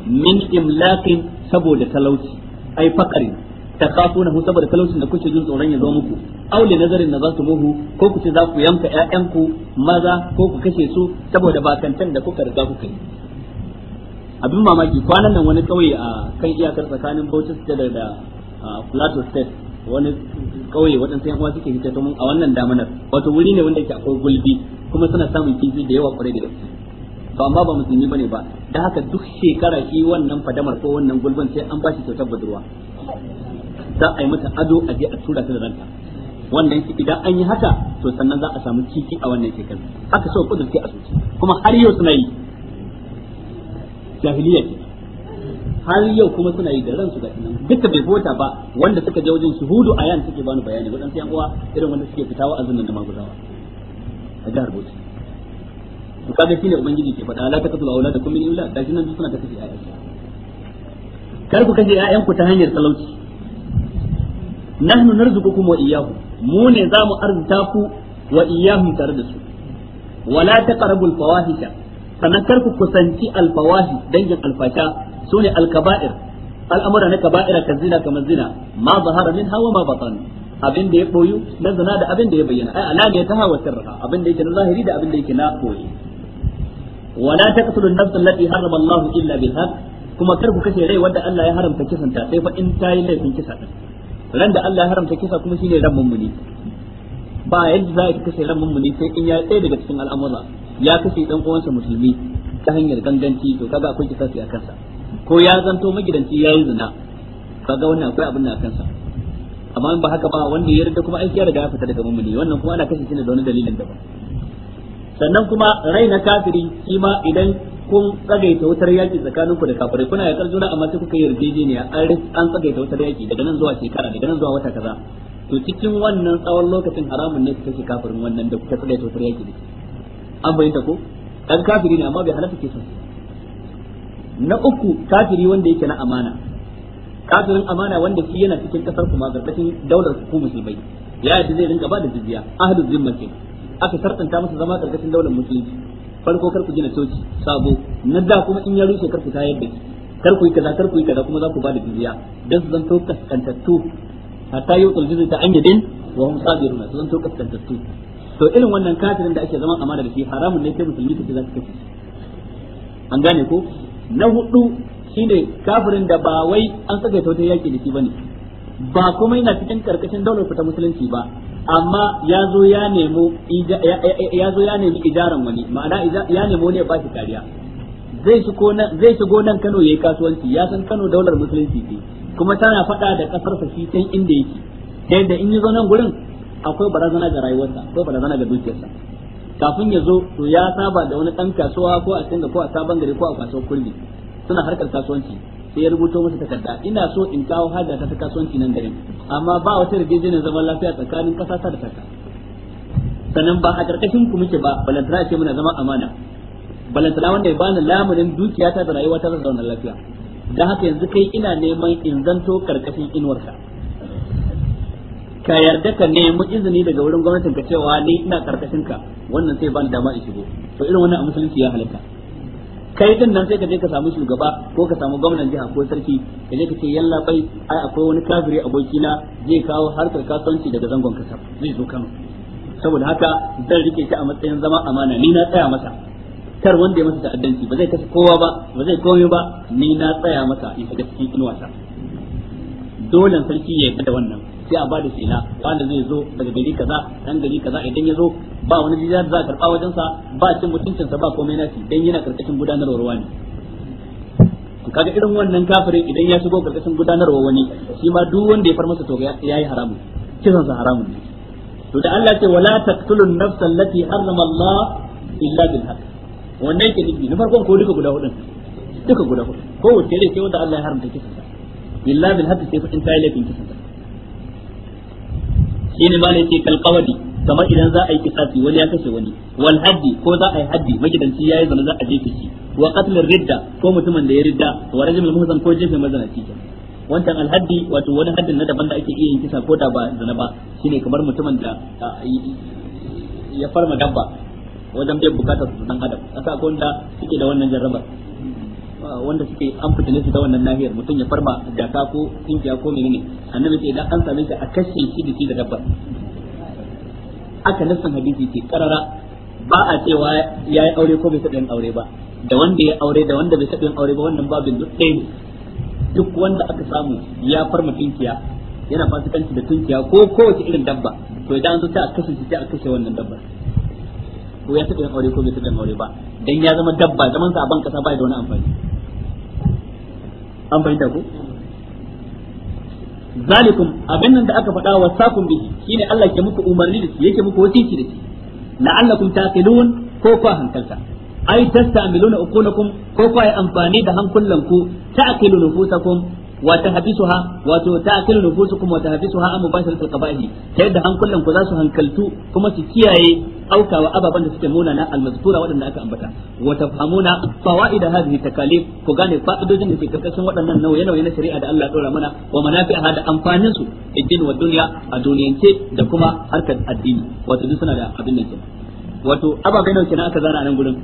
min imlaqin saboda talauci ai faqari takafunahu saboda talaucin da kuke jin tsoron ya zama muku aw li nazarin na zasu muhu ko ku ce za ku yanka ƴaƴanku maza ko ku kashe su saboda bakantan da kuka riga kuka yi abin mamaki kwanan nan wani kauye a kan iyakar tsakanin Bauchi da da plateau state wani kauye waɗansu yan uwa suke hita mun a wannan damanar wato wuri ne wanda yake akwai gulbi kuma suna samun kifi da yawa kwarai da gaske to amma ba musulmi bane ba da haka duk shekara shi wannan fadamar ko wannan gulbin sai an bashi kyautar budurwa za a yi mata ado a je a tura ta da ranta wannan shi idan an yi haka to sannan za a samu kifi a wannan shekara haka so kudurci a zuci kuma har yau suna yi jahiliya ce har yau kuma suna yi da ransu ga nan duka bai fota ba wanda suka je wajen shuhudu ayan suke bani bayani waɗansu yan uwa irin wanda suke fitawa azumin da maguzawa a jihar Bauchi to kaga shine ubangiji ke faɗa la taqtulu auladakum min illa gashi nan suna ta kashe ayan kar ku kashe ayan ku ta hanyar talauci nahnu narzuqukum wa iyyahu mu ne zamu arzuta ku wa iyyahum tare da su wala taqrabul fawahisha sanakar kar ku kusanci alfawahi dangin alfasha su al-kaba'ir al'amura na kaba'ira kan zina kamar zina ma zahara min hawa ma batan abin da ya koyu na zina da abin da ya bayyana ai alama ya tahawa sirra abin da yake na zahiri da abin da yake na koyi wala taqtulu an-nafs allati harrama Allah illa bil haqq kuma kar ku kashe rai wanda Allah ya haramta kisan ta sai fa in ta yi laifin kisa din ran da Allah ya haramta kisa kuma shine ran mummuni ba yadda za ka kashe ran mummuni sai in ya tsaye daga cikin al'amura ya kashe dan uwansa musulmi ta hanyar ganganci to kaga akwai kisasi a kansa ko ya zanto magidanci yayi zina kaga wannan akwai abin na kansa amma in ba haka ba wanda ya yarda kuma aiki ya riga ya fita daga mummuni wannan kuma ana kashe shi da wani dalilin daban sannan kuma raina kafiri shi ma idan kun tsagaita wutar yaki tsakanin ku da kafirai kuna yakar juna amma sai kuka yi yarjejeniya an an tsagaita wutar yaki daga nan zuwa shekara daga nan zuwa wata kaza to cikin wannan tsawon lokacin haramun ne kake kafirin wannan da kuka tsagaita wutar yaki da an bayyana ko dan kafiri ne amma bai halatta ke son na uku kafiri wanda yake na amana kafirin amana wanda shi yana cikin kasar kuma gargashin daular ku musulmai ya yi zai rinka da jizya ahlul zimma ke aka sartanta masa zama gargashin daular musulunci farko kar ku gina coci sabo na da kuma in ya rushe kar ku tayar da kar ku yi kaza kar ku yi kaza kuma za ku ba da jizya dan su zanto kaskantattu hatta yau zai ta anjadin wa hum sabiruna su zanto kaskantattu to irin wannan kafirin da ake zaman amana da shi haramun ne sai musulmi ce za ka kace an gane ko na hudu shine kafirin da ba wai an saka ta wata yaki da shi bane ba kuma yana cikin karkashin daular fita musulunci ba amma ya zo ya nemo ya zo ya nemi idaran wani ma'ana ya nemo ne ba shi kariya zai shigo nan zai shigo nan Kano yayi kasuwanci ya san Kano daular musulunci ce kuma tana fada da kasar sa shi can inda yake da in yi zo nan gurin akwai barazana ga rayuwarsa akwai barazana ga dukiyarsa kafin ya zo to ya saba da wani ɗan kasuwa ko a canga ko a sabon gari ko a kasuwar kurmi suna harkar kasuwanci sai ya rubuto masa takarda ina so in kawo hada ta kasuwanci nan gari amma ba wata yarjejeniyar zaman lafiya tsakanin kasa ta da taka sannan ba a karkashin ku muke ba balantana ce muna zama amana balantana wanda ya bani lamarin dukiyata da rayuwata da zauna lafiya dan haka yanzu kai ina neman in zanto karkashin inuwarka ka yarda ka nemi izini daga wurin gwamnatin ka cewa ni ina karkashin ka wannan sai ban dama in shigo to irin wannan a musulunci ya halaka kai din nan sai ka je ka samu shugaba ko ka samu gwamnan jiha ko sarki ka je ka ce yalla bai ai akwai wani kafiri aboki na zai kawo harkar kasuwanci daga zangon kasa zai zo Kano saboda haka zan rike shi a matsayin zama amana ni na tsaya masa kar wanda ya masa ta'addanci ba zai kashe kowa ba ba zai komai ba ni na tsaya masa in shiga cikin inuwata dole sarki ya yarda da wannan sai a bada sila wanda zai zo daga gari kaza dan gari kaza idan ya zo ba wani jiya da za karba wajen sa ba cin mutuncin sa ba komai nashi dan yana karkashin gudanarwar wani kaga irin wannan kafirin idan ya shigo karkashin gudanarwa wani shi ma duk wanda ya far masa to yayi haramun kisan sa haramun ne to da Allah ce wala taqtulun nafsa allati harrama Allah illa bil haqq wannan yake nufi na farkon ko duka guda hudun duka guda hudu ko wace ne sai wanda Allah ya haramta kisan sa illa bil haqq sai fa in tayi laifin kisan sa shine ma ne ce kalqawadi kamar idan za a yi kisasi wani ya kashe wani wal haddi ko za a yi haddi magidanci yi zana za a jefe shi wa qatl ridda ko mutumin da ya ridda wa rajul muhzan ko jefe mazanaci wancan alhaddi wato wani haddin na daban da ake iya yin kisa ko da ba zana ba shine kamar mutumin da ya farma dabba wajen bai bukatar su dan adam kasa ko da suke da wannan jarrabar wanda suke an fitine su ta wannan nahiyar mutum ya farma jaka ko kinkiya ko menene annabi ce idan an same shi a kashe shi da shi da dabbar aka nassan hadisi ce karara ba a cewa ya yi aure ko bai taɓa yin aure ba da wanda ya aure da wanda bai taɓa yin aure ba wannan babin duk ɗaya ne duk wanda aka samu ya farma tunkiya yana fasikanci da tunkiya ko kowace irin dabba to idan an zo ta a kashe shi ta a kashe wannan dabbar ko ya taɓa yin aure ko bai taɓa yin aure ba dan ya zama dabba zaman sa a ban kasa bai da wani amfani an bayyana ku zalikum abin nan da aka faɗa wa sakun bihi shine Allah ke muku umarni da shi yake muku wasiki da shi la'allakum taqilun ko ku hankalta ai tastamiluna uqulakum ko ku ai amfani da hankulanku ta'qilu nufusakum wa tahbisuha wato ta'tilu nufusukum wa tahbisuha am mubasharatul qabahi ta yadda hankulan ku za su hankaltu kuma su kiyaye aukawa ababan da suke muna na almazkura waɗanda aka ambata wa tafhamuna fawaid hadhihi takalif ku gane fa'idodin da ke karkashin waɗannan nauye nauye na shari'a da Allah ya dora mana wa manafi'aha da amfanin su iddin wa a duniyance da kuma addini wato duk suna da abin wato aka zana a nan gurin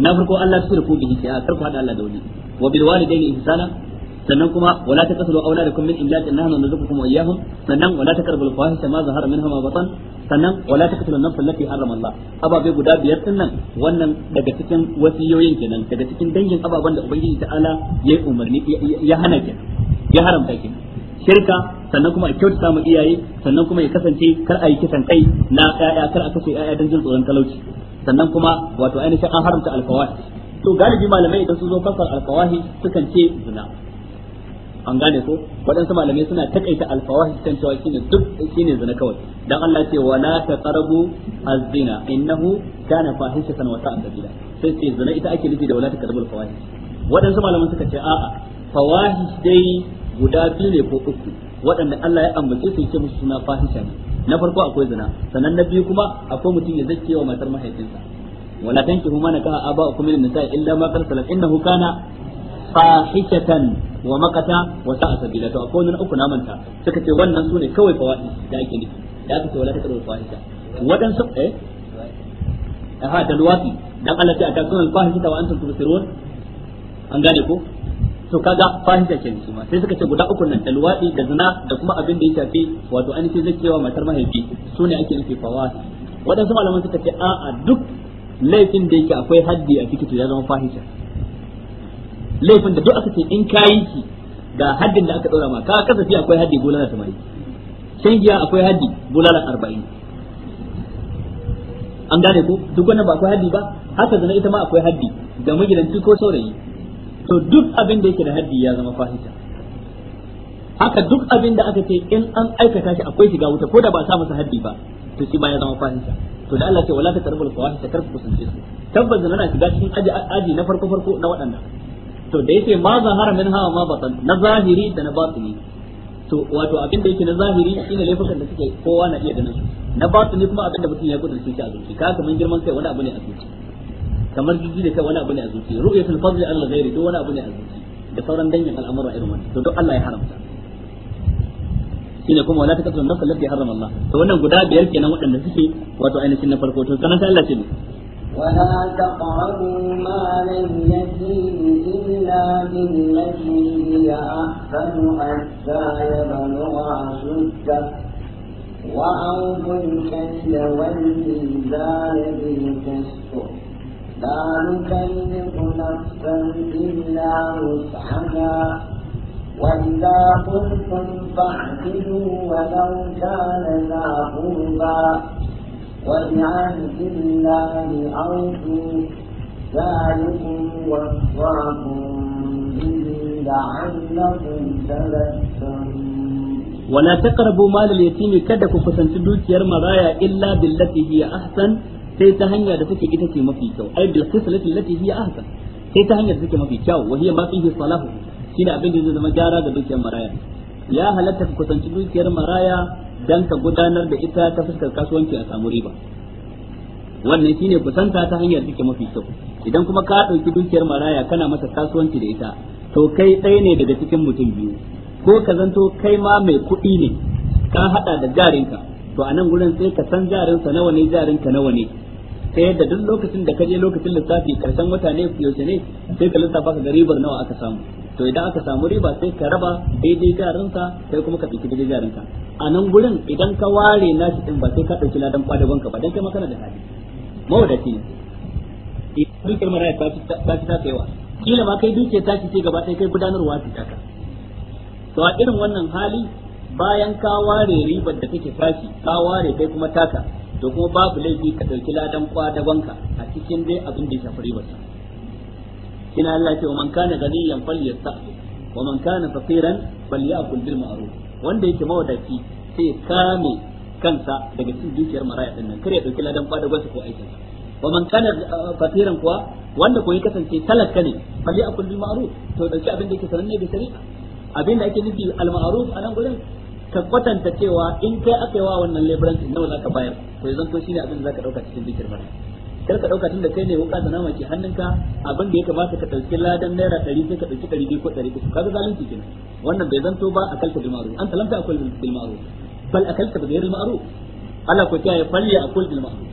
na farko Allah ya tsira ku bihi sai a karku hada Allah da wani wa bil walidaini ihsana sannan kuma wala ta takasulu auladakum min imlaq nahnu narzuqukum wa iyyahum sannan wala ta taqrabul fahisha ma zahara minha ma batan sannan wala ta an-nafs allati harrama Allah ababe guda biyar din wannan daga cikin wasiyoyin kenan daga cikin dangin ababan da ubangiji ta'ala ya umarni ya hana kenan ya haramta kenan shirka sannan kuma a kyautata mu iyaye sannan kuma ya kasance kar a yi kisan kai na ƴaƴa kar a kashe ƴaƴa don jin tsoron talauci sannan kuma wato ainihin an haramta alfawahi to galibi malamai idan su zo fasar alfawahi sukan ce zina an gane ko waɗansu malamai suna takaita alfawahish kan cewa shine duk shine zina kawai dan Allah ce wala taqrabu az-zina innahu kana fahishatan wa sa'a sai ce zina ita ake nufi da wala taqrabu al waɗansu suka ce a'a fawahish dai guda biyu ne ko uku waɗanda Allah ya ambace su yake musu suna fahisha ne na farko akwai zina sannan na biyu kuma akwai mutum ya zakke wa matar mahaifinsa wala tankihu ma nakaha aba'ukum min nisa'i illa ma qad salaf innahu kana fahishatan wa makata wa sa'a sabila to akwai wannan uku namanta suka ce wannan sune kawai fawaidi da ake nufi da aka ce wala taqrabu fahisha su eh aha da luwafi dan Allah ta ta sunan fahishata wa antum tusirun an gane ko to kaga fahisha ke shi ma sai suka ce guda uku nan da luwafi da zina da kuma abin da ya shafi wato an ce zai cewa matar mahaifi sune ake nufi fawaidi su malaman suka ce a'a duk laifin da yake akwai haddi a cikin to ya zama fahisha laifin da duk aka ce in kayi ki ga haddin da aka dora ma ka kasafi akwai haddi bulala mai shan giya akwai haddi bulala 40 an gane ko duk wannan ba akwai haddi ba haka zana ita ma akwai haddi da magidanci ko saurayi to duk abin da yake da haddi ya zama fahita haka duk abin da aka ce in an aikata shi akwai shiga wuta ko da ba sa masa haddi ba to shi ba ya zama fahita to da Allah ce wala ta tarbul fawahisha kar ku kusance su tabbas zana na shiga cikin aji aji na farko farko na waɗannan to da yake ma zahara min hawa ma batan na zahiri da na batini to wato abin da yake na zahiri shine laifukan da suke kowa na iya ganin su na batini kuma abin da mutum ya kudurce shi a zuci ka mun girman kai wani abu ne a zuci kamar jiji da kai wani abu ne a zuci ru'yatul fadli ala ghairi duk wani abu ne a zuci da sauran dangin al'amura irin wannan to duk Allah ya haramta shine kuma wala taqtulun nafsa allati harrama Allah to wannan guda biyar kenan waɗanda suke wato ainihin na farko to sanan ta Allah ce ولا تقربوا مال اليتيم إلا بالتي هي أحسن حتى يبلغ أشده وأوفوا الكيل والميزان بالقسط لا نكلف نفسا إلا وسعها وإذا قلتم فاعدلوا ولو كان ذا قربى وبعهد الله أوفوا ذلكم وصاكم به لعلكم تذكرون ولا تقربوا مال اليتيم kada ku kusanci dukiyar maraya illa billati hiya ahsan sai ta hanya da take ita ce mafi kyau ai ahsan sai ta hanyar da take mafi kyau wa hiya ma fihi salahu shine abin da zai zama gyara ga dukiyar maraya ya halatta ka kusanci dukiyar maraya don ka gudanar da ita ta fuskar kasuwanci a samu riba wannan shine kusanta ta hanyar take mafi kyau idan kuma ka ɗauki dukiyar maraya kana masa kasuwanci da ita to kai ɗaya ne daga cikin mutum biyu ko ka zanto kai ma mai kuɗi ne ka haɗa da jarinka to a nan gurin sai ka san jarinsa nawa ne jarinka nawa ne ta yadda duk lokacin da ka je lokacin lissafi karshen wata ne yaushe ne sai ka lissafa ka ga ribar nawa aka samu to idan aka samu riba sai ka raba daidai jarinka sai kuma ka ɗauki daidai jarinka a nan gurin idan ka ware nashi din ba sai ka ɗauki ladan kwadagon ka ba dan kai makana da hali mawadaci ne dukiyar maraya ta ci ta yawa kila ma kai dukiyar ta ci ce gaba ɗaya kai gudanarwa ta taka to a irin wannan hali bayan ka ware ribar da kake fashi ka ware kai kuma taka to kuma babu laifi ka ɗauki ladan kwadagon ka a cikin dai abin da ya shafi ribar shine Allah ce wa man kana ganiyan falyasta'fi wa man kana faqiran falyakul bil ma'ruf wanda yake mawadaci sai kame kansa daga cikin dukiyar maraya din nan kare ya dauki ladan fada gwasu ko aikin sa wa man kana faqiran kuwa wanda ko ya kasance talaka ne falyakul bil ma'ruf to dauki abin da yake sananne da shari'a abin da ake nufi al ma'ruf a gurin ka kwatanta cewa in kai aka yi wa wannan leburanci nawa zaka bayar to yanzu to shine abin da ka dauka cikin dukiyar maraya kar ka dauka tunda kai ne wuka da nama ke hannunka abin da ya kamata ka dauki ladan naira 100 sai ka dauki 200 ko 300 kaga zalunci kenan wannan bai zanto ba a bil ma'ruf anta lam ta'kul bil ma'ruf bal a bi ghairi ma'ruf Allah ko kiyaye falli akul bil ma'ruf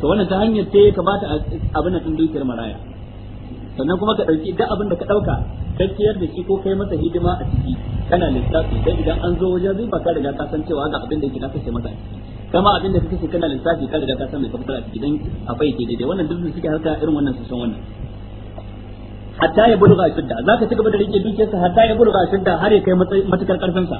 to wannan ta hanyar ce ya kamata abin da dukiyar maraya sannan kuma ka dauki duk abin da ka dauka kai ciyar da shi ko kai masa hidima a ciki kana lissafi dai idan an zo wajen zai baka da ka san cewa ga abin da yake ka kace masa a ciki kama abinda suka shi kana lissafi ka riga ka san mai kafara a cikin akwai ke daidai wannan duk suke harka irin wannan su san wannan hatta ya bulga shidda zaka ci gaba da rike dukiyarsa hatta ya bulga shidda har ya kai matukar karfin sa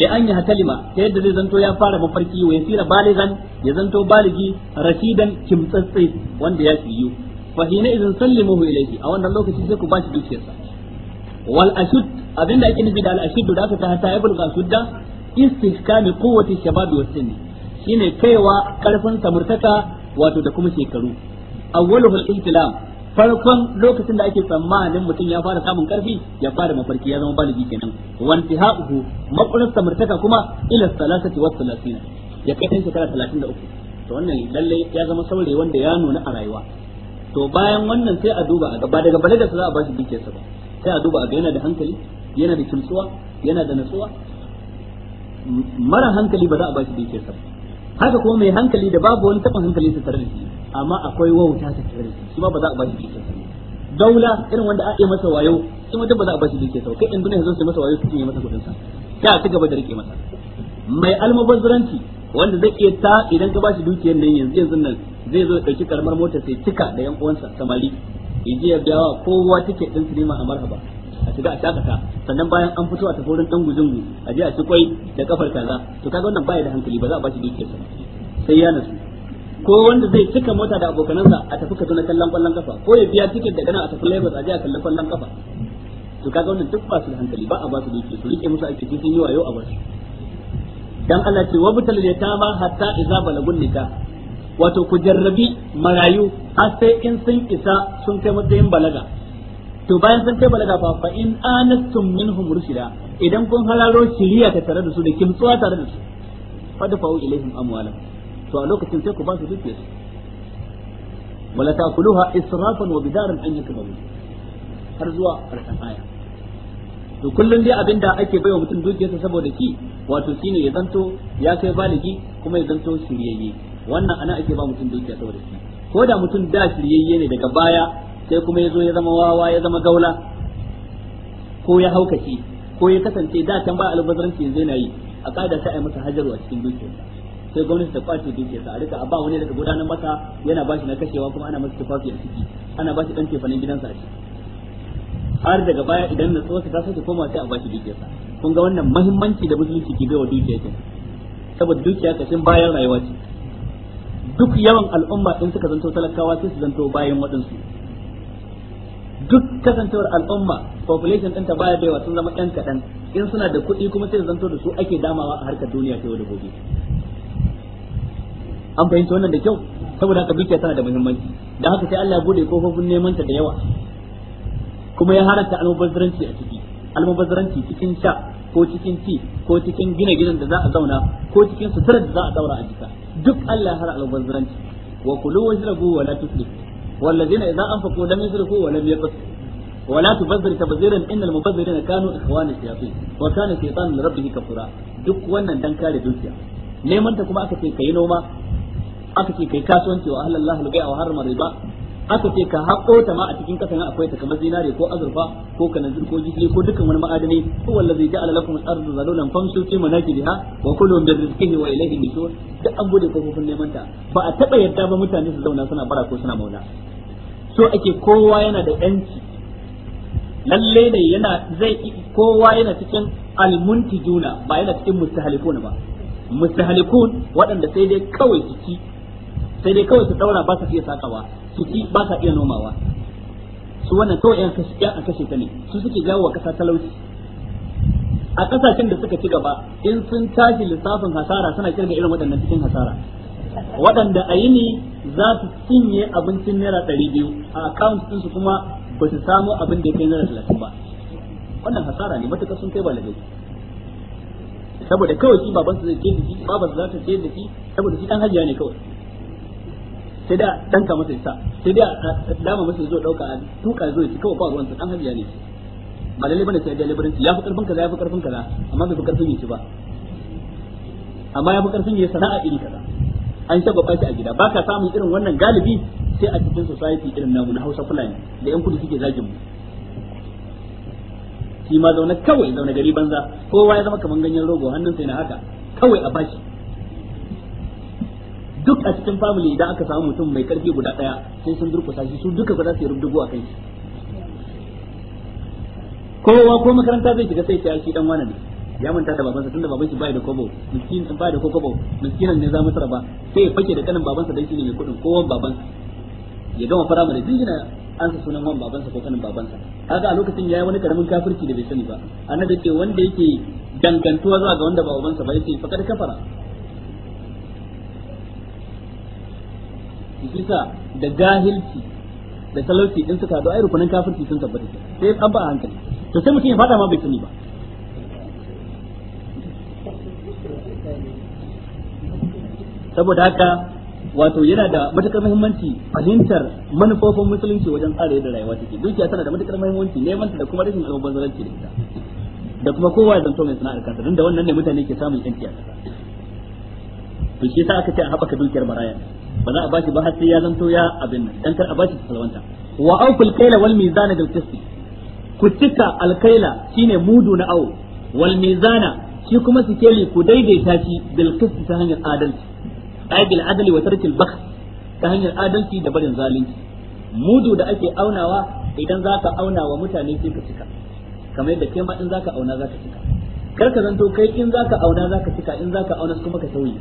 da an yi hatalima ta yadda zai zanto ya fara mafarki wa yasira balizan ya zanto baligi rashidan kimtsatsi wanda ya tsiyu fa hina idan sallimuhu ilayhi a wannan lokaci sai ku bashi dukiyarsa wal ashud abinda ake nufi da al ashud da aka ta hatta ya bulga shidda istihkami quwwati shababi wa sinni shine kaiwa karfin samurtaka wato da kuma shekaru awwaluhu al-ihtilam farkon lokacin da ake tsammanin mutum ya fara samun karfi ya fara mafarki ya zama baligi kenan wanti ha'uhu makurin samartaka kuma ila salasati wa salasina ya kai kan shekara 33 to wannan lalle ya zama saurayi wanda ya nuna a rayuwa to bayan wannan sai a duba a gaba daga balaga za a ba shi dukiyar sai a duba a ga yana da hankali yana da kimtsuwa yana da natsuwa mara hankali ba za a bashi dukiyar sa haka kuma mai hankali da babu wani taɓa hankali su tare da shi amma akwai wauta ta tare da shi shi ba za a bashi dukiyar sa daula irin wanda a masa wayo kuma ma ba za a bashi dukiyar sa kai in duniya zo su masa wayo su yi masa kudin sa ta ci gaba da rike masa mai almubazzaranci wanda zai iya ta idan ka bashi dukiyar nan yanzu yanzu nan zai zo dauki karamar motar sai cika da yan uwansa samari yaje ya biya kowa ticket din sinima a marhaba a shiga a shakata sannan bayan an fito a tafurin dan gujin a je a ci kwai da kafar kaza to kaga wannan baya da hankali ba za a bashi dukiyarsa sai ya nasu ko wanda zai cika mota da abokanansa a tafi ka tuna kallon kwallon kafa ko ya biya tiket daga nan a tafi Lagos a je a kallon kwallon kafa to kaga wannan duk ba su da hankali ba a ba su dukiya su rike musu aiki sun yi wayo a bar su dan Allah ce wa butal ba hatta iza balagun nika wato ku jarrabi marayu har sai in sun isa sun kai matsayin balaga to bayan sun kai balaga fa fa in anastum minhum rusula idan kun halaro shiriya ta tare da su da kimtsuwa tare da su fa fa'u ilaihim amwalan to a lokacin sai ku ba su dukiyarsu wala ta'kuluha israfan wa bidaran an yakbaru har zuwa karshen aya to kullum dai abinda ake baiwa mutum dukiyarsa saboda ki wato shine ya zanto ya kai baligi kuma ya zanto shiryayye wannan ana ake ba mutum dukiya saboda ki ko da mutum da shiryayye ne daga baya sai kuma ya zo ya zama wawa ya zama gaula ko ya haukace ko ya kasance da can ba albazaranci yanzu yana yi a kada sai ai masa hajaru a cikin dukiyarsa sai gwamnati ta kwace dukiyarsa a rika a ba wani daga gudanar masa yana bashi na kashewa kuma ana masa tufafi a ciki ana bashi dan tefanin gidansa a ciki har daga baya idan na tsosa ta sake koma sai a bashi sa kun ga wannan muhimmanci da musulunci ke baiwa dukiya ke saboda dukiya kashin bayan rayuwa ce duk yawan al'umma din suka zanto talakawa sai su zanto bayan waɗansu duk kasancewar al'umma population ɗinta baya da yawa sun zama ɗan kaɗan in suna da kuɗi kuma sai zanto da su ake damawa a harkar duniya ta yau da gobe an fahimci wannan da kyau saboda haka dukiya tana da muhimmanci da haka sai Allah ya bude kofofin neman ta da yawa kuma ya haranta almubazzaranci a ciki almubazzaranci cikin sha ko cikin ci ko cikin gina gidan da za a zauna ko cikin suturar da za a daura a jika duk Allah ya hara almubazzaranci wa kulu wajrabu wa la tusrifu والذين إذا أنفقوا لم يسرفوا ولم يقسطوا ولا تبذر تبذيرا إن المبذرين كانوا إخوان الشياطين وكان الشيطان لربه كفورا duk wannan dan kare dukiya neman ta kuma aka ce kai noma aka ce kai kasuwanci wa ahlal lahu al-bai'a wa harrama riba aka ce ka haƙo ta ma a cikin ƙasa nan akwai ta kamar zinare ko azurfa ko kananzir ko gishiri ko dukkan wani ma'adani ko wallazi ja'ala lakum al ardu zalulan famshu fi manakibiha wa kulu min rizqihi wa ilayhi nushur duk an bude kofofin neman ta ba a taba yadda ba mutane su zauna suna bara ko suna mauna so ake kowa yana da yanci lalle ne yana zai kowa yana cikin al-muntijuna ba yana cikin mustahalikun ba mustahalikun waɗanda sai dai kawai su ci sai dai kawai su daura ba su iya sakawa tuki ba sa iya nomawa su wannan kawai yan kashe yan kashe ta ne su suke jawo wa kasa talauci a kasashen da suka ci gaba in sun tashi lissafin hasara suna kirga irin waɗannan cikin hasara waɗanda a yini za su cinye abincin naira ɗari biyu a akawunt ɗinsu kuma ba su samu abin da ya kai naira talatin ba wannan hasara ne matuƙar sun kai ba lagos saboda kawai shi babansu zai ce da shi babansu za ta ce da shi saboda shi ɗan hajiya ne kawai sai da danka masa isa sai da dama masa zo dauka a tuka zo shi kawai ba ruwan sa dan hajiya ne ba lalle bane sai da labarin ya fi karfin kaza ya fi karfin kaza amma bai fi karfin yi ba amma ya fi karfin yi sana'a iri kaza an shaba fashi a gida baka samun irin wannan galibi sai a cikin society irin namu na Hausa Fulani da yan kudu suke zagin mu shi ma zaune kawai zaune gari banza kowa ya zama kaman ganyen rogo hannun sai na haka kawai a bashi duk a cikin family idan aka samu mutum mai karfi guda daya sai sun durkusa shi su duka ba za su yi rubdugo a kai shi kowa ko makaranta zai shiga sai shi dan wani ne ya manta da babansa tunda baban shi bai da kobo miskin ba da kobo miskinan ne za mu ba sai ya fake da kanin babansa dan shi ne mai kudin kowan babansa ya gama fara mana jingina an sa sunan wani babansa ko kanin babansa kaga a lokacin yayi wani karamin kafirci da bai sani ba annabi ce wanda yake dangantuwa zuwa ga wanda ba babansa ba yace fakar kafara bisa da gahilci da talauci din suka da ai rukunin kafirci sun tabbata sai an ba a hankali to sai mutum ya fada ma bai sani ba saboda haka wato yana da matukar muhimmanci fahimtar manufofin musulunci wajen tsara yadda rayuwa take dukiya tana da matukar muhimmanci neman da kuma rashin zalunci da ita da kuma kowa ya zanto mai sana'ar kansa don da wannan ne mutane ke samun yanci a kasa to shi yasa aka ce a haɓaka dukiyar maraya ba za a bashi ba har sai ya zanto ya abin nan dan kar a bashi salwanta wa awfil kayla wal mizana bil qist ku cika al kayla shine mudu na awo wal mizana shi kuma sikeli ku daidaita shi bil qist ta hanyar adalci ai bil adli wa tarkil bakh ta hanyar adalci da barin zalunci mudu da ake aunawa idan zaka auna wa mutane sai ka cika kamar yadda kai ma in zaka auna zaka cika kar ka zanto kai in zaka auna zaka cika in zaka auna kuma ka sauyi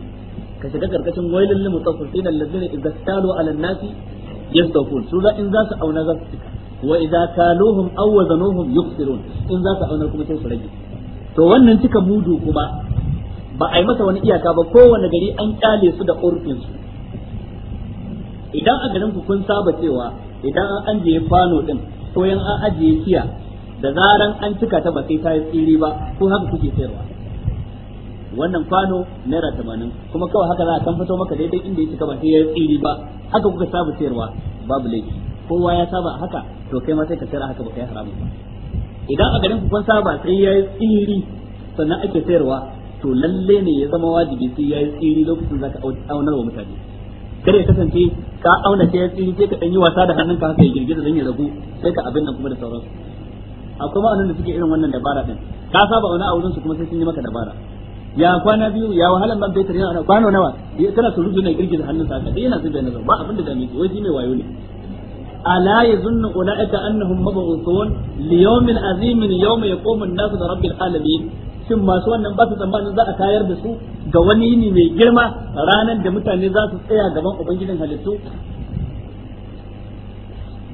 ka shiga karkashin wailul lil mutaffifin alladhina idza talu ala an-nasi yastawfun su za in za su auna za su cika wa idza kaluhum aw wazanuhum yukhsirun in za su auna kuma sai su rage to wannan cika mudu kuma ba a yi masa wani iyaka ba kowane gari an kyale su da urfin su idan a garin ku kun saba cewa idan an ajiye kwano din ko yan an ajiye kiya da zaran an cika ta ba sai ta yi tsiri ba ko haka kuke sayarwa wannan kwano naira tamanin kuma kawai haka za a kan fito maka daidai inda ya cika ba sai ya tsiri ba haka kuka saba sayarwa babu laifi kowa ya saba haka to kai ma sai ka sayar haka ba kai haramun ba idan a garin kun saba sai ya tsiri sannan ake sayarwa to lalle ne ya zama wajibi sai ya tsiri lokacin zaka aunar wa mutane kada ya kasance ka auna sai ya tsiri sai ka dan yi wasa da hannunka haka ya girgiza dan ya ragu sai ka abin nan kuma da sauransu akwai ma'anar da suke irin wannan dabara din ka saba wani a wurin su kuma sai sun yi maka dabara ya kwana biyu ya wahalan ban fetur yana kwano nawa tana su rubuta girgiza hannun sa kadai yana zuba nazar ba abin da dame shi wai shi mai wayo ne ala yazunnu ulaika annahum mab'uthun li yawmin azimin yawma yaqumu an-nasu li rabbil alamin shin masu wannan ba su tsammanin za a tayar da su ga wani yini mai girma ranar da mutane za su tsaya gaban ubangijin halittu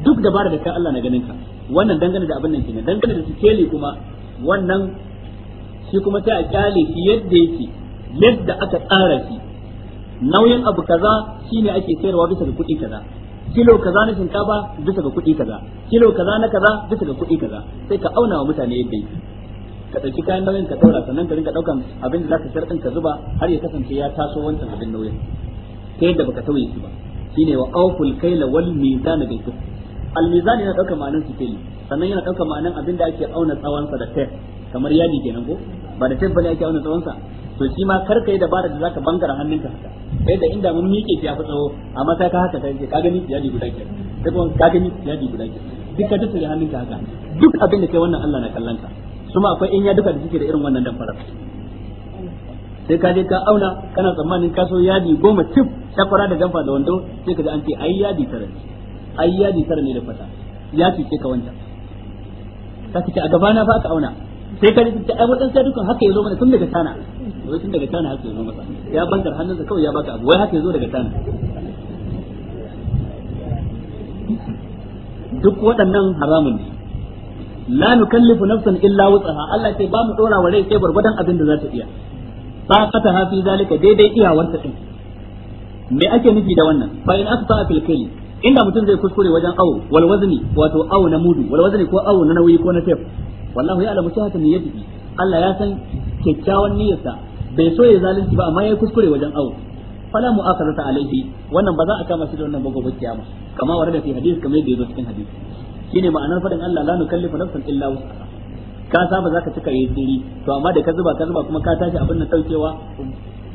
duk dabara da kai Allah na ganin ka wannan dangane da abin nan kenan dangane da su sikeli kuma wannan shi kuma sai a kyale shi yadda yake yadda aka tsara shi nauyin abu kaza shine ake sayarwa bisa ga kuɗi kaza kilo kaza na shinkafa bisa ga kuɗi kaza kilo kaza na kaza bisa ga kuɗi kaza sai ka auna wa mutane yadda yake ka ɗauki kayan nauyin ka ɗaura sannan ka rinka ɗaukan abin da zaka sayar ɗin ka zuba har ya kasance ya taso wancan abin nauyin ta yadda baka tauye shi ba shine wa awful kaila wal mizan bil qist al mizan yana ɗaukar ma'anar sikeli sannan yana ɗaukar ma'anar abin da ake auna tsawon sa da tef kamar yadi kenan ko ba da tabbani ake auna tsawon sa to shi ma kar kai dabara da zaka bangara hannunka haka kai da inda mun miƙe shi a tsawo amma sai ka haka kai ka gani yadi guda ke sai kuma ka gani yadi guda ke duk ka tattare hannunka haka duk abin da kai wannan Allah na kallanta kuma akwai in ya duka da suke da irin wannan dan fara sai ka je ka auna kana tsammanin ka so yadi goma cif shakwara da jamfa da wando sai ka ji an ce ai yadi tara ne ai yadi tara ne da fata ya fice ka wancan ka fice a gabana fa aka auna sai ka rubuta ai wadansu dukkan haka ya yazo mana tun daga tana wai tun daga tana haka yazo masa ya bangar hannunsa kawai ya baka abu wai haka ya zo daga tana duk waɗannan haramun ne la nukallifu nafsan illa wutsaha Allah ce ba mu dora wa rai sai gurgudan abin da za ta iya taqata ha fi zalika daidai iyawarta din me ake nufi da wannan fa in asfa fil kayl inda mutum zai kuskure wajen awu wal wazni wato awu na mudu wal wazni ko awu na nauyi ko na tef wallahu ya'lamu shahata niyyatihi Allah ya san kyakkyawan niyyarsa bai so ya zalunci ba amma ya kuskure wajen awo fala mu'akhazata alaihi wannan ba za a kama shi da wannan ba gobe kiyama kama warada fi hadisi kamar yadda yazo cikin hadisi shine ma'anar fadin Allah la nukallifu nafsan illa wus'aha ka saba zaka cika yi diri to amma da ka zuba ka zuba kuma ka tashi abin da saukewa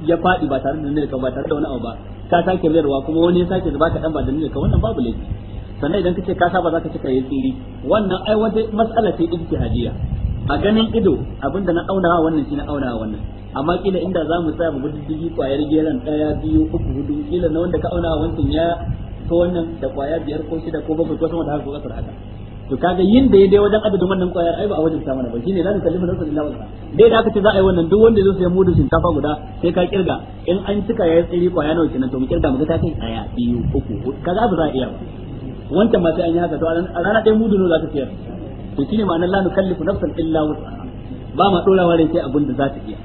ya fadi ba tare da nuna nilka ba tare da wani abu ba ka sake mayarwa kuma wani ya sake zuba ka dan ba da nuna nilka wannan babu laifi sannan idan kace ka saba zaka ci yin tsiri wannan ai wata mas'ala ce ijtihadiyya a ganin ido abinda na aunawa wannan shi na aunawa wannan amma kila inda za mu tsaya mu dubi kwayar gelan daya biyu uku hudu kila na wanda ka aunawa wancan ya ko wannan da kwaya biyar ko shida ko bakwai ko sama da haka ko haka to kaga yin da wajen adadin wannan kwayar ai ba a wajen mana ba shine zaka kalli nafsa illa wasa dai da aka ce za a yi wannan duk wanda zai sai mudu shinkafa guda sai ka kirga in an cika yayi tsiri kwaya nawa kenan to mu kirga mu ga ta kai aya biyu uku kaga za a iya ba wancan ma sai an yi haka to a rana ɗaya mudu za ta siyar to shine ma'anar la nukallifu nafsan illa wus'aha ba ma dorawa rai sai abin da za ta iya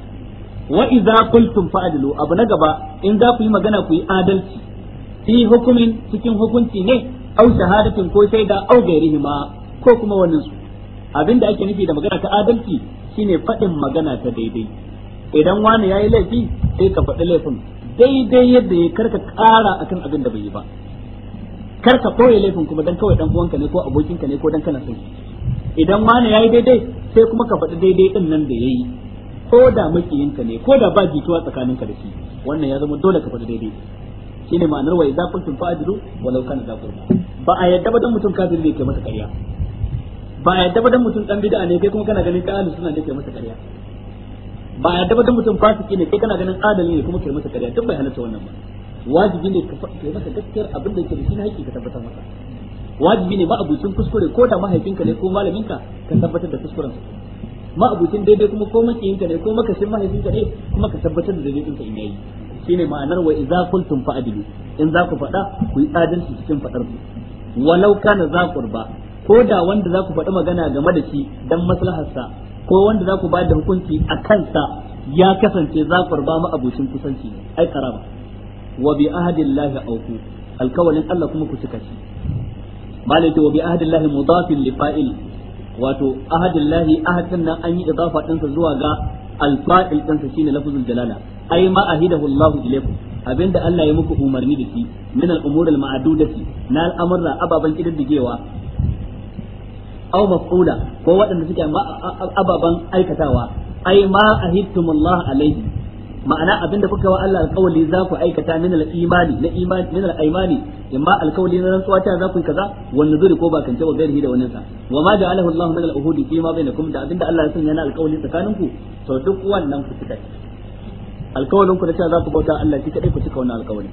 wa idza qultum fa'dilu abu na gaba in za ku yi magana ku yi adalci fi hukumin cikin hukunci ne au shahadatin ko sai da au ma ko kuma wannan su abinda ake nufi da magana ta adalci shine faɗin magana ta daidai idan wani yayi laifi sai ka faɗi laifin daidai yadda ya karka ƙara akan abin da bai yi ba kar ka koye laifin kuma dan kawai dan uwanka ne ko abokinka ne ko dan kana son idan ne yayi daidai sai kuma ka faɗi daidai din nan da yayi ko da makiyinka ne ko da ba jituwa tsakaninka da shi wannan ya zama dole ka faɗi daidai shine ma'anar wa idza kuntum fa'dilu walau kana da qurba ba a yadda ba dan mutum kafir ne ke masa ƙarya ba a yadda ba dan mutum dan bid'a ne kai kuma kana ganin kai suna ne ke masa ƙarya ba a yadda ba dan mutum fasiki ne kai kana ganin adali ne kuma ke masa ƙarya duk bai halatta wannan ba wajibi ne ka kai masa gaskiyar abin da yake da shi haƙi ka tabbatar masa wajibi ne ma'abucin kuskure ko da mahaifinka ne ko malaminka ka tabbatar da kuskuren ma'abucin daidai kuma ko makiyinka ne ko makashin mahaifinka ne kuma ka tabbatar da daidai ɗinka in yayi shine ma'anar wa idza qultum fa'dilu in za ku faɗa ku yi adalci cikin faɗar ku walau kana za qurba ko da wanda za ku faɗi magana game da shi dan maslaharsa ko wanda za ku bayar da hukunci a kansa ya kasance za qurba ma abucin kusanci ai karaba wa bi ahdillahi awfu alkawalin Allah kuma ku cika shi malai wa bi ahdillahi mudafin li fa'il wato ahadillahi ahadin nan an yi idafa dinsa zuwa ga alfa'il dinsa shine lafzul jalala ai ma ahidahu Allah ilaykum abinda Allah ya muku umarni da shi min al-umur al-ma'dudati na al-amra ababan kididdigewa aw maf'ula ko waɗanda suke ababan aikatawa ai ma ahidtum Allah alaihi ma'ana abinda kuka wa Allah alƙawali za ku aikata min al-imani na imani min al-aymani imma alƙawali na rantsuwa ta za ku yi kaza wa nuzuri ko ba kan ba gairi da wannan sa wa ma ja'alahu Allah min al-uhudi fi ma bainakum da abinda Allah ya sanya na alƙawali tsakanin ku to duk wannan ku cika alƙawalin ku na cewa za ku bauta Allah shi kadai ku cika wannan alƙawali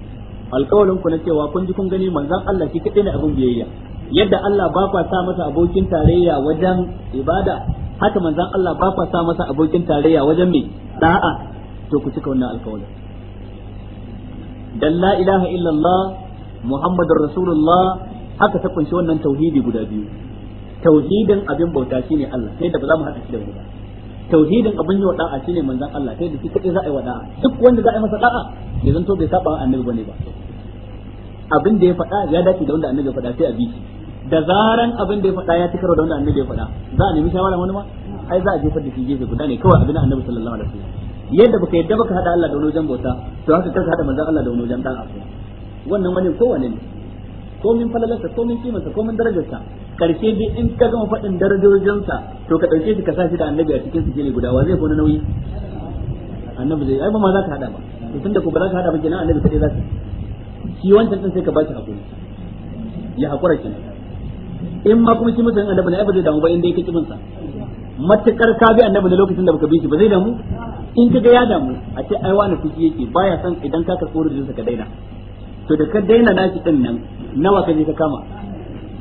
alƙawalin ku na cewa kun ji kun gani manzon Allah shi kadai ne abin biyayya yadda Allah ba kwa sa masa abokin tarayya wajen ibada haka manzon Allah ba kwa sa masa abokin tarayya wajen me da'a to ku cika wannan alkawari dan la ilaha illallah muhammadur rasulullah haka ta kunshi wannan tauhidi guda biyu tauhidin abin bauta shine Allah sai da ba za mu haɗa shi da wani ba tauhidin abin yi wada'a shine manzon Allah sai da shi kadai za a yi wada'a duk wanda za a yi masa da'a ya zanto bai saba annabi bane ba abin da ya faɗa ya dace da wanda annabi ya faɗa sai a bi shi da zaran abin da ya faɗa ya tikar da wanda annabi ya faɗa za a nemi shawara wani ma ai za a jefar da shi gefe guda ne kawai abin annabi sallallahu alaihi wasallam yadda baka yadda baka hada Allah da wani wajen bauta to haka kanka hada manzon Allah da wani wajen da'a wannan wani kowane ne ko min falalarsa ko min kimarsa ko min darajarsa karshe bi in ka gama faɗin darajojinsa to ka ɗauke shi ka sa shi da annabi a cikin su jeli guda wa zai kona nauyi annabi zai ai ba ma za ka hada ba to tunda ko ba za ka hada ba kenan annabi sai za ka shi wancan din sai ka ba shi hakuri ya hakura kenan in ma kuma shi mutum annabi ne ai ba zai damu ba in yake kibin sa matakar ka bi annabi ne lokacin da baka bi shi ba zai damu in ka ga ya damu a ce ai wani fiki yake baya san idan ka karɓo rujinsa ka daina to da ka daina nashi din nan nawa ka je ka kama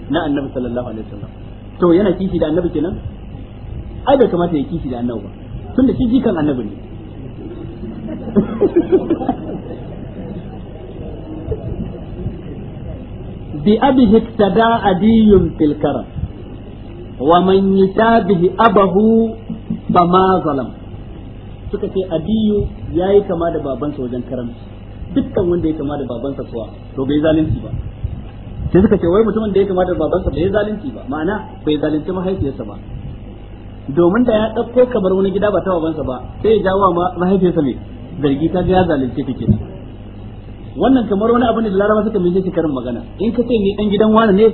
na annabi sallallahu alaihi wasallam to yana kishi da annabi kenan ai bai kamata ya kishi da annabi ba da shi kan annabi ne Bi abi hiktada adiyun في wa man يشابه abahu fama zalam suka ce ya yi kama da babansa wajen karamci dukkan wanda ya kama da babansa kuwa to bai zalunci ba sai suka ce wai mutumin da ya kama da babansa bai zalunci ba ma'ana bai zalunci mahaifiyarsa ba domin da ya ɗauko kamar wani gida ba ta babansa ba sai ya jawo ma mahaifiyarsa ne zargi ta ya zalunce ta kenan wannan kamar wani abu ne da laraba suka mai shi karin magana in ka ce ni dan gidan wani ne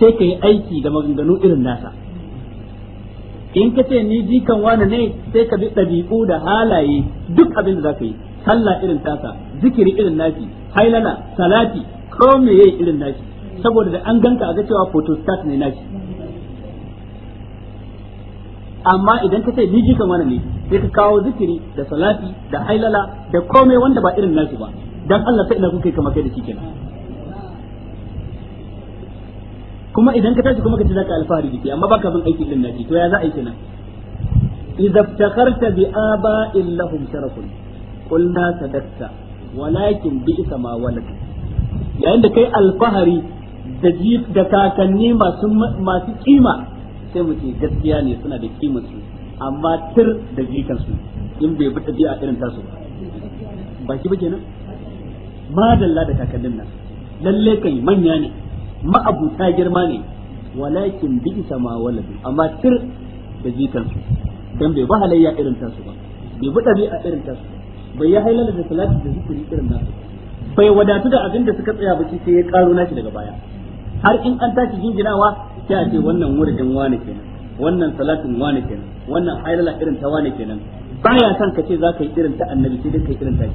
sai ka yi aiki da maganganu irin nasa in ka ce ni jikan wani ne sai ka bi ɗabi'u da halaye duk abin da zaka yi sallah irin tasa zikiri irin nashi hailala salati ko me yayi irin nashi saboda da an ganka a ga cewa photostat ne nashi amma idan ka ce ni jikan wani ne sai ka kawo zikiri da salati da hailala da komai wanda ba irin nashi ba dan Allah sai ina kuka kai kamar kai da shi kenan kuma idan ka tashi kuma ka ci zaka alfahari dake amma baka bin aiki din naji to ya za a yi kenan idza iftakharta bi aba lahum sharafun qulna sadaqta walakin bi'sa ma walad yayin da kai alfahari da da kakanni masu masu kima sai mu ce gaskiya ne suna da kima su amma tir da jikan su in bai bi a irin tasu ba baki ba kenan madalla da kakannin nan lalle kai manya ne ma'abuta girma ne walakin bi sama waladu amma tir da jikan su dan bai ba halayya irin tasu ba bai bi a irin tasu bai ya halala da salati da zikiri irin nasu bai wadatu da abin da suka tsaya ba sai ya karo nashi daga baya har in an tashi jinjinawa sai a ce wannan wuridin wani kenan wannan salatin wani kenan wannan halala irin ta wani kenan baya son ka ce za ka yi irin ta annabi sai dai ka yi irin ta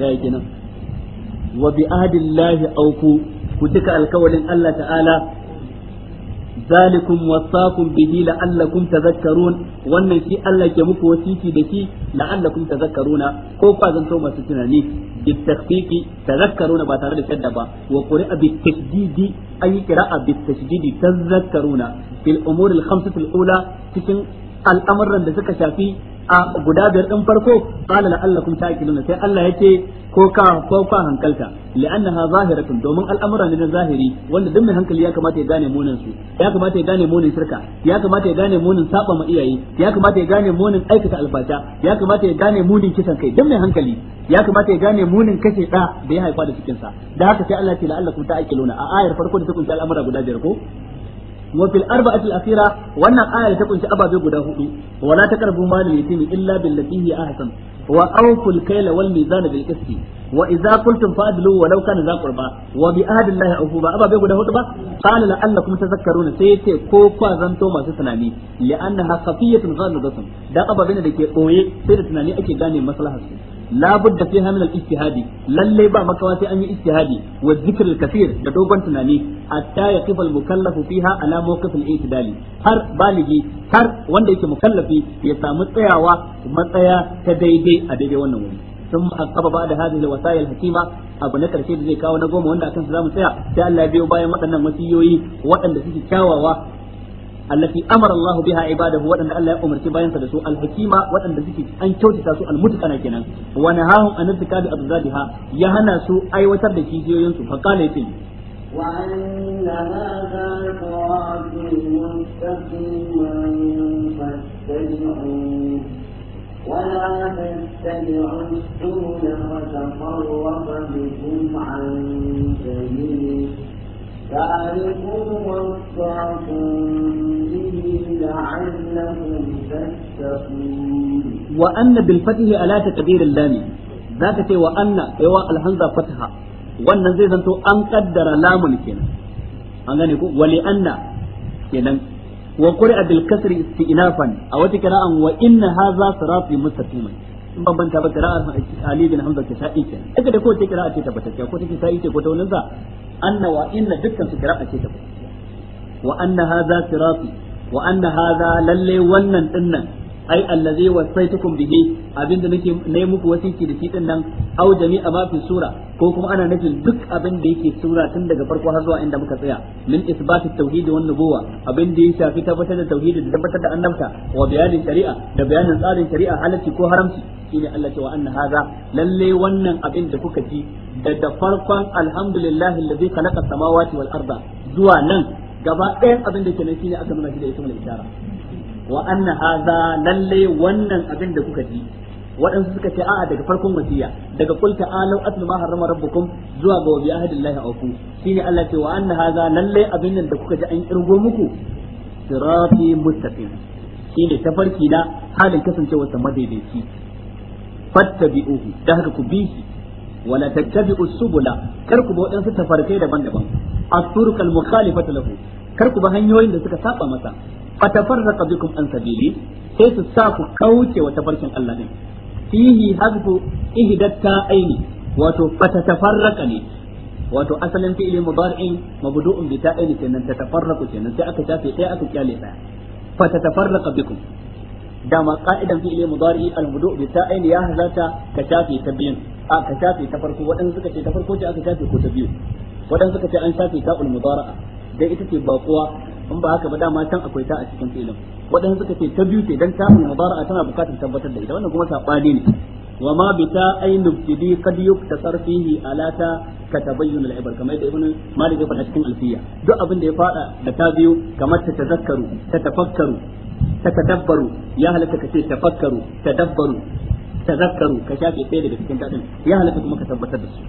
ya yi kenan wa bi ahdillahi auku ku cika alkawalin Allah ta'ala zalikum wasaqum bihi la'allakum tadhakkarun shi Allah ke muku wasiki da shi la'allakum tadhakkaruna ko masu tunani بالتخفيف تذكرون ba tare da shadda ba wa qira'a bitashdidi ay qira'a bitashdidi tadhakkaruna fil umur al khamsah ula cikin al'amuran da suka shafi a guda biyar din farko qala la'allakum ta'qiluna sai Allah yake ko ka ko ka hankalta li'annaha zahiratun domin al'amura ne na zahiri wanda duk mai hankali ya kamata ya gane munin su ya kamata ya gane munin shirka ya kamata ya gane munin saba ma iyaye ya kamata ya gane munin aikata albata ya kamata ya gane munin kisan kai duk mai hankali ya kamata ya gane munin kashe da da ya haifa da cikin sa da haka sai Allah ya ce la'allakum ta'qiluna a ayar farko da ta kunshi al'amura guda biyar ko wa fil arba'ati al-akhira wannan ta kunshi ababe guda hudu wala taqrabu mal yatimi illa billati hi ahsan wa awful kayla wal mizan bil wa idza qultum fa'dilu wa law wa bi ahdi llahi ba ababe guda hudu ba qala la'allakum tadhakkaruna sai yace ko kwa masu tunani ababe ne sai da tunani ake gane la budda fiha min al-ijtihadi lalle ba makawa sai an yi ijtihadi wa zikr al-kathir da dogon tunani hatta yaqif al-mukallaf fiha ala mawqif al-i'tidali har baligi har wanda yake mukallafi ya samu tsayawa matsaya ta daidai a daidai wannan wuri ثم أقب da هذه الوصايا Hakima abu na karshe da zai kawo na goma wanda akan su zamu tsaya sai Allah ya biyo bayan waɗannan wasiyoyi waɗanda suke kyawawa allati amara Allah biha ibadahu wadanda Allah ya umarci bayansa da su al-hakima suke an kyautata su al-mutakana kenan wa nahahum an irtikabi abzadiha ya hana su aiwatar da kijiyoyin su fa qala yace wa anna بكم عن سبيله ذلكم وصاكم به لعلكم تتقون وأن بالفتح ألا تقدير اللام ذاك وأن يوا الهمزة فتحة wannan zai zanto an kaddara lamun kenan an gane ko wali anna kenan wa qur'a bil kasri istinafan a wata qira'an wa inna hadha sirati mustaqiman in bambanta ba qira'an ali bin hamza ke sa'i kenan kaga da ko ta qira'a ce tabbatacce ko take sa'i ce ko ta wannan anna wa inna dukkan su kira'a ce ta wa anna hadha sirati wa anna lalle wannan dinnan ai allazi wasaitukum bihi abinda nake nayi muku wasiki da shi din nan au jami'a ma fi sura ko kuma ana nufin duk abin da yake tura tun daga farko har zuwa inda muka tsaya min isbatit tauhidi wan nubuwa abin da ya shafi tabbatar da tauhid da tabbatar da annabta wa bayanin shari'a da bayanin tsarin shari'a halacci ko haramci shine Allah cewa anna haza lalle wannan abin da kuka ji da da farkon alhamdulillahi alladhi khalaqa samawati wal arda zuwa nan gaba ɗaya abin da ke nan shine aka nuna shi da ismul ishara wa anna haza lalle wannan abin da kuka ji waɗansu suka ce a'a daga farkon wasiya daga qul ta'alu atlu ma harrama rabbukum zuwa ga wa bi ahdillahi awfu shine Allah ce wa anna hadha lalle abin nan da kuka ji an kirgo muku sirati mustaqim shine tafarki da halin kasancewar sa madaidaici fattabi'uhu da haka ku bi shi wala tattabi'u subula kar ku ba waɗansu tafarkai daban-daban as-turuq al-mukhalifatu lahu kar ku ba hanyoyin da suka saba masa fatafarraqa bikum an sabili sai su sa ku kauce wa tafarkin Allah din fihi hadfu ihdatta aini wato fatatafarraqa ne wato asalin fi'li mudari'in mabdu'un bi ta'aini kenan tatafarraqu kenan sai aka shafe sai aka kyale daya fatatafarraqa bikum dama qa'idan fi'li mudari'i al-mudu' bi ta'aini ya hazata ka shafe ta biyun a ka shafe ta farko waɗansu suka ce ta farko ce aka shafe ko ta biyu waɗansu suka ce an shafe ta'ul mudari'a dai ita ce baƙuwa in ba haka ba dama can akwai ta a cikin filin waɗansu suka ce ta biyu ce dan ta mudara'a tana bukatar tabbatar da ita wannan kuma sabani ne wa ma bi ta ayn ibtidi qad yuktasar fihi ala ta katabayyun al-ibar kamar yadda ibn malik ya faɗa cikin alfiya duk abin da ya faɗa da ta biyu kamar ta tazakkaru ta tafakkaru ta tadabbaru ya halatta ka ce tafakkaru tadabbaru tazakkaru ka shafe ɗaya daga cikin dadin ya halatta kuma ka tabbatar da su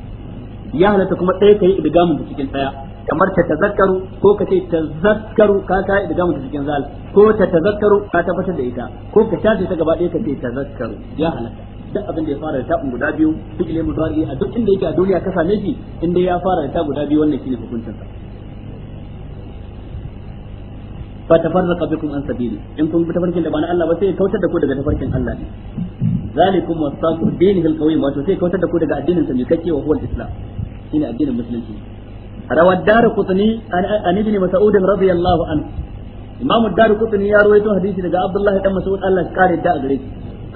ya halatta kuma ɗaya ka yi idgamin da cikin ɗaya kamar ta tazakkaru ko ka ce tazakkaru ka yi da gamu ta cikin zal ko ta tazakkaru ka tabbatar da ita ko ka tace ta gaba ɗaya ka ce tazakkaru ya halatta duk abin da ya fara da ta guda biyu ilimin mudari a duk inda yake a duniya ka same shi inda ya fara da ta guda biyu wannan shine hukuncin sa fa tafarraqa bikum an sabili in kun bi tafarkin da ba na Allah ba sai ya kautar da ku daga tafarkin Allah ne zalikum wasaqu dinihil qawim wato sai kautar da ku daga addinin sa mai kake wa huwal islam shine addinin musulunci روى الدار قطني عن ابن مسعود رضي الله عنه إمام الدار قطني يا رويته حديث لقى عبد الله بن مسعود الله قال الداء غريب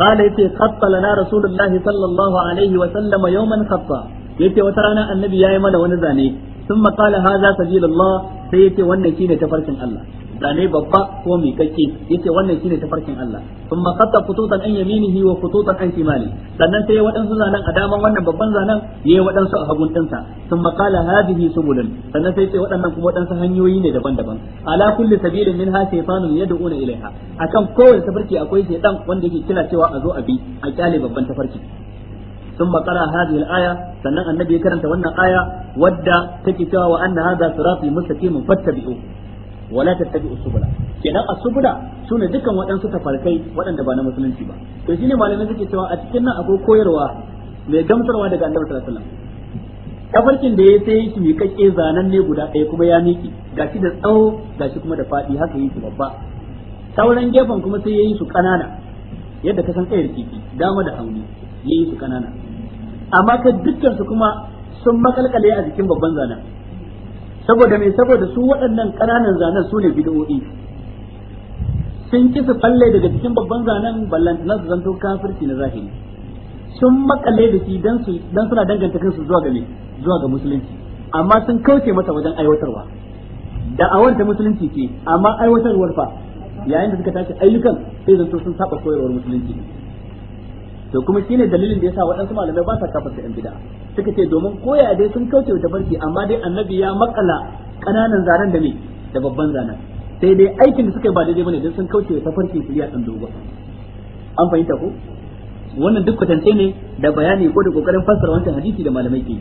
قال يتي خط لنا رسول الله صلى الله عليه وسلم يوما خطا يتي وترانا النبي يا يمن ونزاني ثم قال هذا سبيل الله سيتي وانا شيني تفرشن الله tsane babba ko mai kakke yace wannan shine tafarkin Allah thumma qatta qututan an yaminihi wa qututan an shimali sannan yi waɗansu zanen a daman wannan babban zanen yi waɗansu a hagun ɗinsa thumma qala hadhihi subulun sannan sai ce waɗannan kuma waɗansu hanyoyi ne daban-daban ala kulli sabilin minha shaytanun yad'una ilaiha akan kowace tafarki akwai shaytan wanda yake kira cewa a zo a bi a kyale babban tafarki ثم قرأ annabi ya karanta wannan aya وانا take ودى wa anna هذا صراطي مستقيم فاتبعوه wala tattabi'u subula kenan asubula sune dukan waɗansu tafarkai waɗanda ba na musulunci ba to shine malamai suke cewa a cikin nan akwai koyarwa mai gamsarwa daga annabi sallallahu alaihi wasallam tafarkin da ya sai shi mikakke zanen ne guda ɗaya kuma ya miki gashi da tsawo gashi kuma da faɗi haka yi babba sauran gefen kuma sai ya yi su ƙanana yadda ka san tsayar kifi dama da hauni ya yi su ƙanana amma ka dukkan su kuma sun makalkale a jikin babban zanen saboda me saboda su waɗannan ƙananan zanen su ne bid'o'i sun kisa falle daga cikin babban zanen ballantanar su zanto kafirci na zahiri sun makale da shi dan su dan suna danganta kansu zuwa ga zuwa ga musulunci amma sun kauce masa wajen aiwatarwa da'awar ta musulunci ke amma aiwatarwar fa yayin da suka tashi ayyukan sai zanto sun saba koyarwar musulunci to kuma shine dalilin da yasa waɗansu malamai ba sa kafarta yan bid'a suka ce domin koya dai sun kauce da barki amma dai annabi ya makala kananan zanen da me da babban zanen sai dai aikin da suka yi ba daidai bane dan sun kauce ta farki su ya dan dogo an fahimta ko wannan duk kwatance ne da bayani ko da kokarin fassara wancan hadisi da malamai ke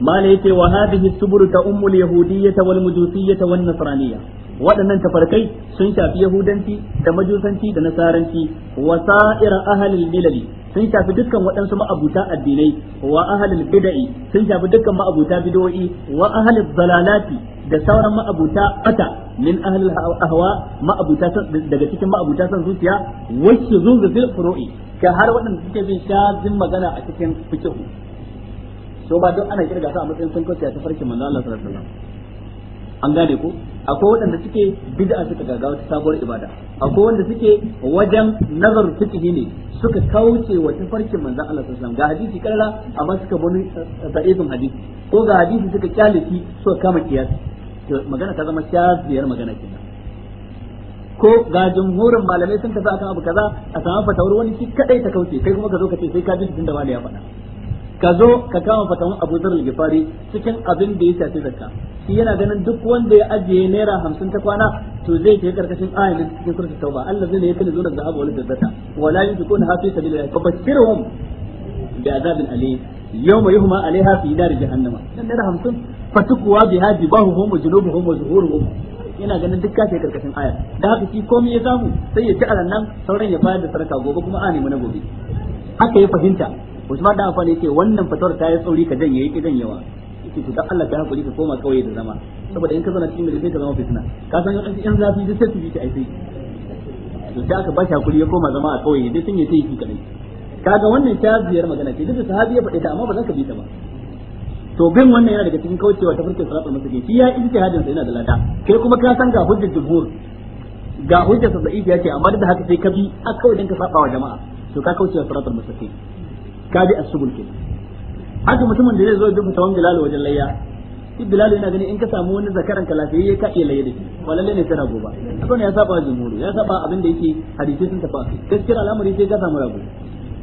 malai yake wa hadhihi subur ta ummul yahudiyyah wal mujusiyyah wan nasraniyah waɗannan tafarkai sun shafi yahudanci da majusanci da nasaranci wa sa'ir ahlil milali sun shafi dukkan waɗansu ma'abuta addinai wa ahlil bid'i sun shafi dukkan ma'abuta bid'o'i wa ahlil dalalati da sauran ma'abuta ata min ahlil ahwa ma'abuta daga cikin ma'abuta san zuciya wacce zuzu fil furu'i ka har waɗanda suke bin shazin magana a cikin fikihu so ba duk ana kirga su a matsayin sun kauce ta farkin manzo Allah sallallahu alaihi wasallam an gane ko akwai waɗanda suke bid'a suka gaga wata sabuwar ibada akwai wanda suke wajen nazar fiqhi ne suka kauce wa tafarkin manzon Allah sallallahu alaihi wasallam ga hadisi karara amma suka bani eh, da'ifin hadisi ko ga hadisi suka kyalifi suka kama kiyas magana ta zama kyasiyar magana kenan ko ga jumhurin malamai sun kasa akan abu kaza a samu fatawar wani shi kadai ta kauce kai kuma ka zo ka ce sai ka ji tunda wani ya faɗa ka zo ka kama fatawan Abu Dharr al-Ghifari cikin abin da ya shafi zakka shi yana ganin duk wanda ya ajiye naira hamsin ta kwana to zai je karkashin ayan cikin suratul tauba Allah zai ne yake zuwa da abu wal dadata wala yunfikuna hafi sabilillah fa bashirhum bi azabin alim yawma yuhma alaiha fi dar jahannama dan naira hamsin fatukwa biha jibahuhum wa junubuhum wa zuhuruhum yana ganin duk kafe karkashin aya da haka shi komai ya samu sai ya ci alannan sauran ya bayar da sarka gobe kuma a nemi na gobe haka ya fahimta Usman da Affan yace wannan fatawar ta yi tsauri ka janye yake janyewa yake to dan Allah ka hakuri ka koma kauye da zama saboda in ka zauna cikin gari sai ka zama fitina ka san yanzu in zafi duk sai su bi ta ai sai to da aka bashi hakuri ya koma zama a kauye dai sun yi sai yi kadai kaga wannan ziyar magana ce duk da sahabi ya faɗi ta amma ba za ka bi ta ba to bin wannan yana daga cikin kaucewa ta farkin salatul musulmi shi ya hadin sa yana da lada kai kuma ka san ga hujjar jumhur ga hujjar sa da'ifi ya ce amma duk da haka sai ka bi a kawai dan ka saba wa jama'a to ka kaucewa salatul musulmi tabi as-subul ke haka mutumin da zai zo duk tawan bilal wajen layya duk bilal yana gani in ka samu wani zakaran ka lafiya yayi ka iya layya da shi walalle ne tana goba ba ne ya saba jumhuri ya saba abin da yake hadisi sun tafi gaskiya al'amari sai ka samu rago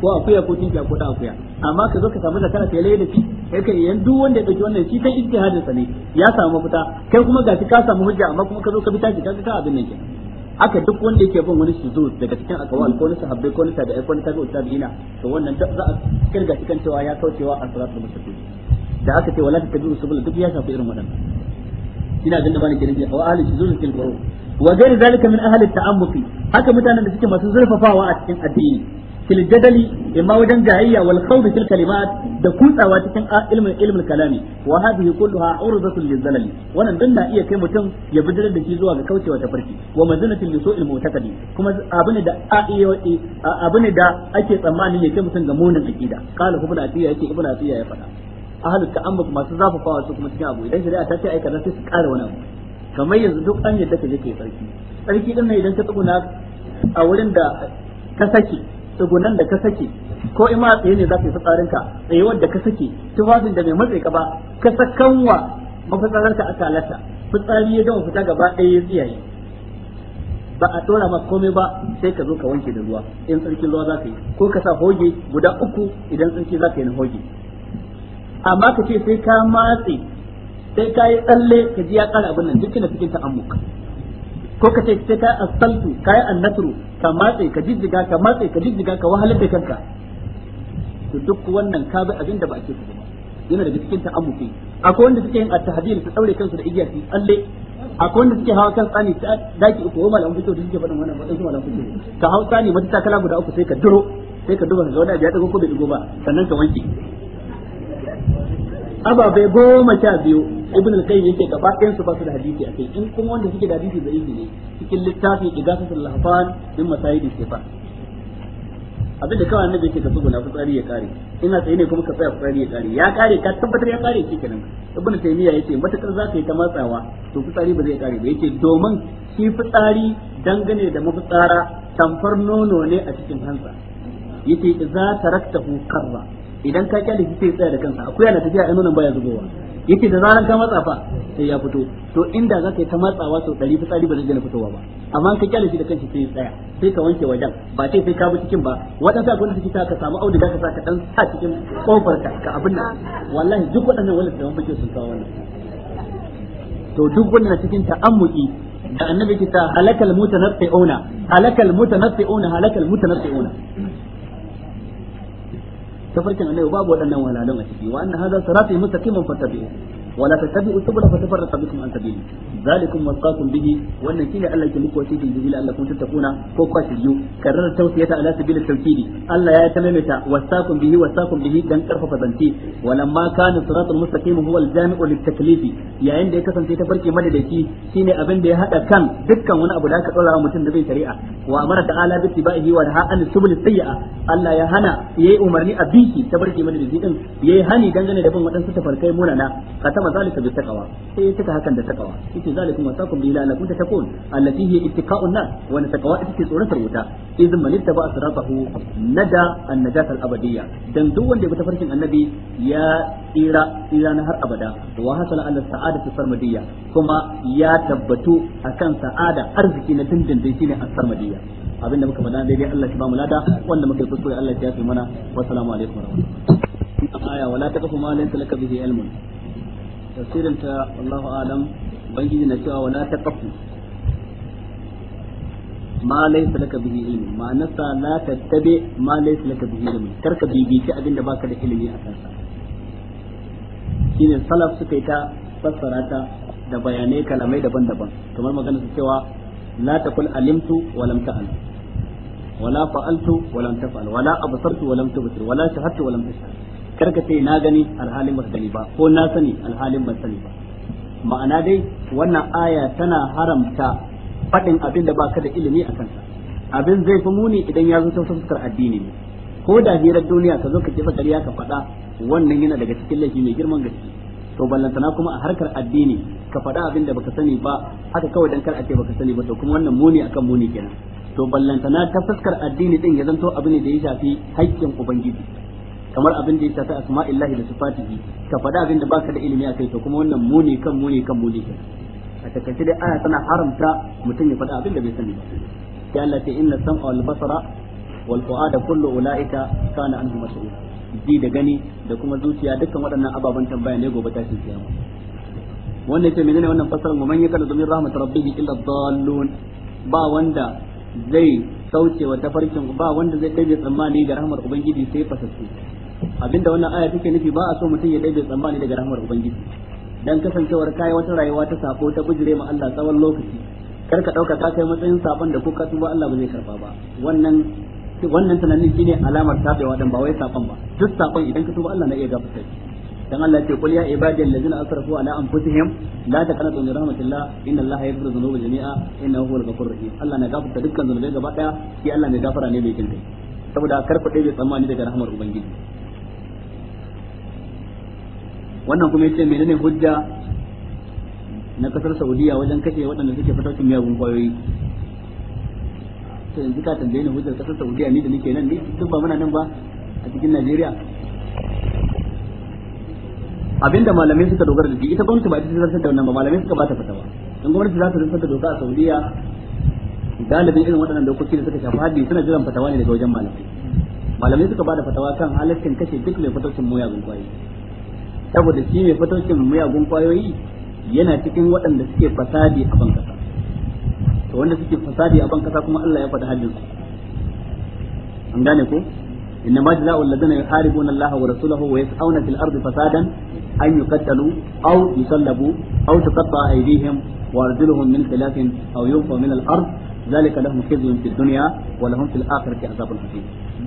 ko akuya ko tinki ko da akuya amma ka zo ka samu zakara ka laye da shi kai kai yan duk wanda ya dauki wannan shi kai ijtihadin sa ne ya samu fita kai kuma gashi ka samu hujja amma kuma ka zo ka bi tashi kaga ka abin nan kenan aka duk wanda yake bin wani suzu daga cikin akawal ko na sahabbai ko na tabi'i ko na tabi'ut tabi'ina to wannan za a kirga cikin cewa ya kaucewa as-siratul mustaqim da aka ce wala tabi'u subul duk ya shafi irin wadannan ina ganin bani kiran ji wa ahli shuzul fil wa ghairi zalika min ahli at haka mutanen da suke masu zurfafawa a cikin addini fil jadali imma wajen jayayya wal khawd fil kalimat da kutsawa cikin ilmin ilmin kalami wa hadhihi kulluha urdatun lil zalali wannan din na iya kai mutum ya bidira da shi zuwa ga kaucewa ta farki wa mazinatin li su'il mu'taqadi kuma abune da abune da ake tsammanin ya kai mutum ga munin aqida qala ibnu atiya yake ibnu atiya ya faɗa ahlul ta'ammuk masu zafafawa su kuma cikin abu idan shari'a ta ce aika sai su ƙara wani abu kamar yanzu duk an yadda ka je kai sarki sarki din nan idan ka tsuguna a wurin da ka sake tsugunan da ka saki ko in ma tsaye ne za ka yi fitsarinka tsaye wanda ka saki tufafin da mai matse ka ba ka sakanwa mafitsararka aka halatta fitsari ya gama fita gaba ɗaya ya tsiyaye ba a tsora maka komai ba sai ka zo ka wanke da ruwa in tsarkin ruwa za ka yi ko ka sa hoge guda uku idan tsarki za ka yi na hoge amma ka ce sai ka matse sai ka yi tsalle ka ji ya ƙara abin nan da na cikin muka. ko ka ce sai kai asaltu kai annasru ka matse ka jijjiga ka matse ka jijjiga ka wahalar da kanka to duk wannan ka bi abin da ba ku ba yana daga cikin ta'ammuki akwai wanda suke yin at-tahdil su daure kansu da igiya su tsalle akwai wanda suke hawa kan tsani ta daki uku ko malamu fito suke faɗin wannan ba su malamu fito ka hawa tsani mata takala guda uku sai ka duro sai ka duba ga wani abu ya dago ko bai dago ba sannan ka wanke ababai goma sha biyu ibn al-qayyim yake gaba ɗayan su ba su da hadisi akai in kuma wanda suke da hadisi zai ne cikin littafin igasatul lahfan din masayidi fa abin da kawai annabi yake ka tsuguna fitsari ya kare ina tsaye ne kuma ka tsaya fitsari ya kare ya kare ka tabbatar ya kare shi kenan ibn taymiya yace matakar za ka yi ta matsawa to fitsari ba zai kare ba yace domin shi fitsari dangane da mafitsara tamfar nono ne a cikin hansa yace idza taraktahu karra idan ka kyale shi sai tsaya da kansa akwai yana tafiya a nonon baya zubowa yace da zaran ka matsa fa sai ya fito to inda za ka yi ta matsawa sau ɗari fitsari ba zai gina fitowa ba amma ka kyale shi da kanshi sai tsaya sai ka wanke wajen ba sai sai ka bi cikin ba waɗansu abin da suke ta ka samu auduga ka sa ka ɗan sa cikin ƙofar ka ka abin nan wallahi duk waɗannan wanda sai mafi sun kawo wannan to duk wannan cikin ta'ammuki da annabi ke ta halakal mutanaffi'una halakal mutanaffi'una halakal mutanaffi'una tafarkin annabi babu waɗannan wahalhalun a ciki wa anna hadha sirati mustaqiman fattabi'u ولا تتبعوا السبل فتفرق بكم عن سبيله ذلكم وصاكم به وان كيل الله يكون لكم وصيه به لعلكم تتقون كو كاشيو كرر التوصيه على سبيل التوكيد الله يا تممتا وصاكم به وصاكم به دان كرفف زنتي ولما كان الصراط المستقيم هو الجامع للتكليف يا عند kasance ta farke madadaci shine abin da ya haɗa kan dukkan wani abu da aka mutum da zai shari'a wa amara ta'ala bi tibaihi wa naha an subul sayyi'a Allah ya hana yi umarni a ta farke madadaci hani da wadansu tafarkai munana ختم ذلك بالتقوى sai ya cika hakan da takawa yace zalikum wasaqum bi allati ittiqa'un nas wa na takawa ita ce tsoratar wuta idan man ittaba asratahu nada an-najat al-abadiyya dan duk wanda ya tafarkin annabi ya tsira tsira na har abada wa hasala ala sa'adatu sarmadiyya kuma ya tabbatu akan sa'ada arziki na dindindin shine as-sarmadiyya muka faɗa daidai Allah ya ba mu lada wanda muka kuskure Allah ya mana wassalamu alaikum warahmatullahi aya wala tafsirin ta wallahu alam bangiji na cewa wala taqafu ma laysa laka bihi ilmi ma nasa la tattabi ma laysa laka bihi ilmi karka bibici abinda baka da ilimi a kansa shine salaf suka yi fassara ta da bayanai kalamai daban-daban kamar magana su cewa la taqul alimtu wa lam ta'lam lam فعلت wala absartu wa lam ولم wala shahadtu wa lam tashhad karka ce na gani alhalin ba gani ba ko na sani alhalin ban sani ba ma'ana dai wannan aya tana haramta faɗin abin da baka da ilimi a kansa abin zai fi muni idan ya zo ta fuskar addini ne ko da hirar duniya ka zo ka jefa ƙarya ka faɗa wannan yana daga cikin laifi mai girman gaske to ballantana kuma a harkar addini ka faɗa abin da baka sani ba haka kawai dan kar a ce baka sani ba to kuma wannan muni akan muni kenan to ballantana ta fuskar addini din ya zanto abin da ya shafi haƙƙin ubangiji kamar abin da ya shafi asma'illahi da sifatihi ka faɗa abin da baka da ilimi akai to kuma wannan muni kan muni kan muni a takaice dai aya tana haramta mutum ya faɗa abin da bai sani ba ya Allah ce inna sam'a wal basara wal fu'ada kullu ulaika kana anhu mas'ul bi da gani da kuma zuciya dukkan waɗannan ababen tambaya ne gobe tashin kiyama wannan ce menene wannan fasaran mu man yakala min rahmat rabbihi illa dallun ba wanda zai sauce wa tafarkin ba wanda zai kai tsammani da rahmar ubangiji sai fasassu abinda wannan aya take nufi ba a so mutum ya daidai tsammani daga rahmar ubangiji dan kasancewar kai wata rayuwa ta sako ta bujire ma Allah tsawon lokaci kar ka dauka ka kai matsayin sabon da kuka tuba Allah ba zai karba ba wannan wannan tunanin shine alamar tabewa dan ba wai sabon ba duk sabon idan ka tuba Allah na iya gafarta dan Allah ce kul ya ibadiyal ladina asrafu ala anfusihim la taqnatu min rahmatillah inna Allah yaghfiru dhunuba jami'a innahu huwal ghafurur rahim Allah na gafarta dukkan zunubai gaba daya shi Allah ne gafara ne mai kinta saboda kar ku dai tsammani daga rahmar ubangiji wannan kuma yace menene hujja na kasar Saudiya wajen kashe waɗanda suke fataucin miyagun kwayoyi to yanzu ka tambaye ni hujjar kasar Saudiya ni da nake nan ni duk ba muna nan ba a cikin Najeriya abinda malamai suka dogara da shi ita gwamnati ba ta zartar da wannan ba malamai suka ta fata ba dan gwamnati za ta zartar da doka a Saudiya galibin irin waɗannan dokoki da suka shafi haddi suna jiran fatawa ne daga wajen malamai malamai suka ba da fatawa kan halaccin kashe duk mai fataucin muyagun kwayoyi saboda shi mai fatocin miyagun kwayoyi yana cikin waɗanda suke fasadi a ban kasa to wanda suke fasadi a ban kasa kuma Allah ya faɗa haddin an gane ko inna ma jazaa'u alladhina yuharibuna Allah wa rasulahu wa yas'auna fil ardi fasadan an aw yusallabu aw aydihim wa arjuluhum min khilafin aw yunfa min al ard ذلك لهم خزي في الدنيا ولهم في عذاب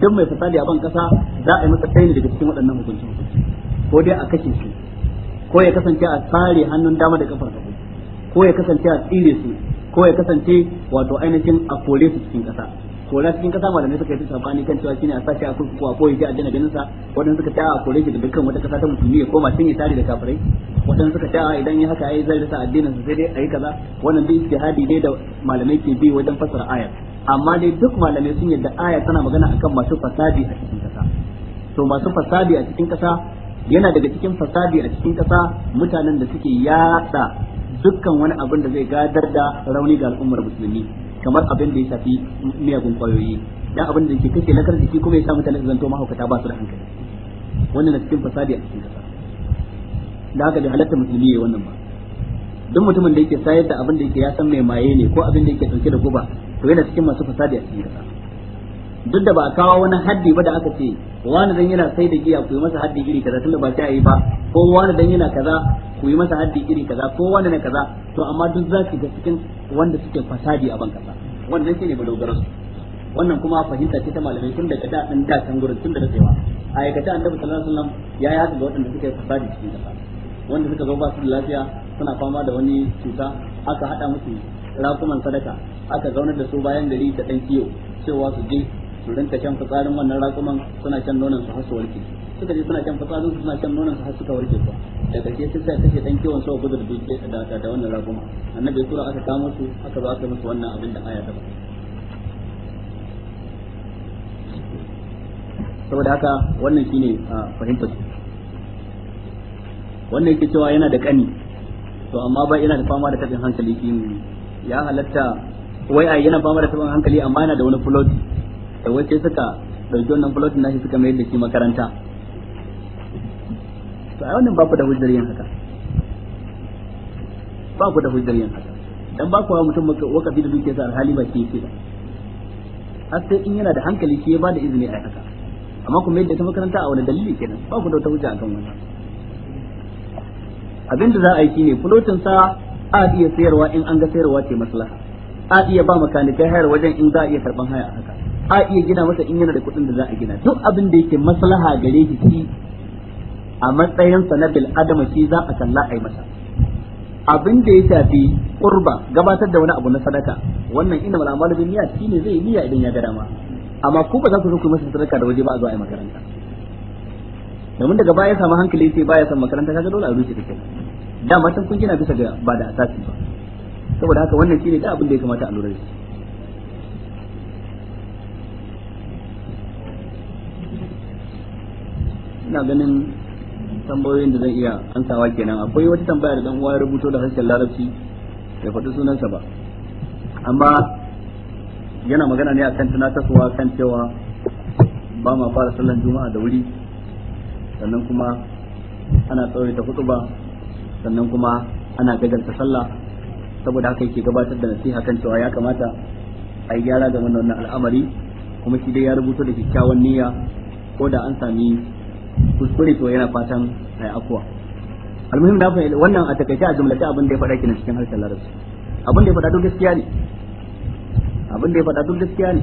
دم mai fasadi a ban za a yi masa ko dai a kashe su ko ya kasance a tsare hannun dama da kafar hagu ko ya kasance a tsire su ko ya kasance wato ainihin a kore su cikin kasa kore cikin kasa ma da ne suka yi tsaba ne kan cewa shine a sashi a kurkuku a koyi a jana ganin sa wadanda suka ta a kore shi da dukkan wata kasa ta musulmi ya koma cikin tsari da kafirai wadanda suka ta idan ya haka yayi zai rasa addinin sa sai dai ayi kaza wannan duk ijtihadi ne da malamai ke bi wajen fasara ayat amma dai duk malamai sun yadda ayar tana magana akan masu fasadi a cikin kasa to masu fasadi a cikin kasa yana daga cikin fasadi a cikin kasa mutanen da suke yaɗa dukkan wani abin da zai gadar da rauni ga al'ummar musulmi kamar abin da ya shafi miyagun kwayoyi da abin da ke kashe lakar jiki kuma ya sa mutane zanto mahaukata ba su da hankali wannan na cikin fasadi a cikin kasa da haka da halatta musulmi ya wannan ba duk mutumin da yake sayar da abin da yake ya san mai maye ne ko abin da yake dauke da guba to yana cikin masu fasadi a cikin kasa duk da ba a kawo wani haddi ba da aka ce wani dan yana sai da giya ku yi masa haddi iri kaza tunda ba sai yi ba ko wani dan yana kaza ku yi masa haddi iri kaza ko wani na kaza to amma duk za su ga cikin wanda suke fasadi a ban kasa wannan shine ba su wannan kuma fahimta ce ta malamai tun daga kada dan da can gurin tun da dacewa a aikata annabi sallallahu alaihi wasallam ya yi haka ga waɗanda suke fasadi cikin kasa wanda suka zo ba su da lafiya suna fama da wani cuta aka hada musu rakuman sadaka aka zaunar da su bayan gari da dan kiyo cewa su je su rinka shan fitsarin wannan raƙuman suna shan nonon su har su warke suka je suna shan fitsarin suna shan nonon su har suka warke kuwa da ke sun sai kashe dan kiwon sau gudur da da wannan raƙuma annabi sura aka ta musu aka zo aka musu wannan abin da aya ta saboda haka wannan shine ah, fahimtar wannan yake cewa yana da kani to amma ba yana da fama da tabin hankali shi ya halatta wai a yana fama da tabin hankali amma yana da wani fuloti da wace suka dauki wannan plotin nashi suka mayar da shi makaranta to a wannan ba da hujjar yin haka Baku da hujjar yin haka dan ba ku mutum wakafi da duke sa alhali ba ke yake ba har sai in yana da hankali shi ya ba da izini a haka amma kuma yadda ta makaranta a wani dalili kenan ba ku da wata hujja akan wannan abinda za a yi shine fulotin sa a iya sayarwa in an ga sayarwa ce maslaha a iya ba makanikai hayar wajen in za a iya karban haya a haka a iya gina masa in yana da kuɗin da za a gina duk abin da yake maslaha gare shi shi a matsayin sa na bil adama shi za a a yi masa abin da ya shafi qurba gabatar da wani abu na sadaka wannan inna mal amalu bin niyyat shine zai niyya idan ya ga dama amma ko ba za ku zo ku masa sadaka da waje ba a zo yi makaranta domin daga baya samu hankali sai baya san makaranta kaga dole a rushe take dama tun kun gina bisa ga ba da asasi ba saboda haka wannan shine da abin da ya kamata a lura da shi ina ganin tambayoyin da zan iya ansawa kenan akwai wata tambaya da dan uwa ya rubuto da harshen larabci bai faɗi sunansa ba amma yana magana ne akan tunatarwa kan cewa ba ma fara sallan juma'a da wuri sannan kuma ana tsawaita ba sannan kuma ana gajarta sallah saboda haka yake gabatar da nasiha kan cewa ya kamata a yi gyara ga da wannan al'amari kuma shi dai ya rubuta da kyakkyawan niyya ko da an sami kuskure to yana fatan ai afwa almuhim da wannan a takaice a jumlace abin da ya faɗa kina cikin harshen larabci abin da ya faɗa duk gaskiya ne abin da ya faɗa duk gaskiya ne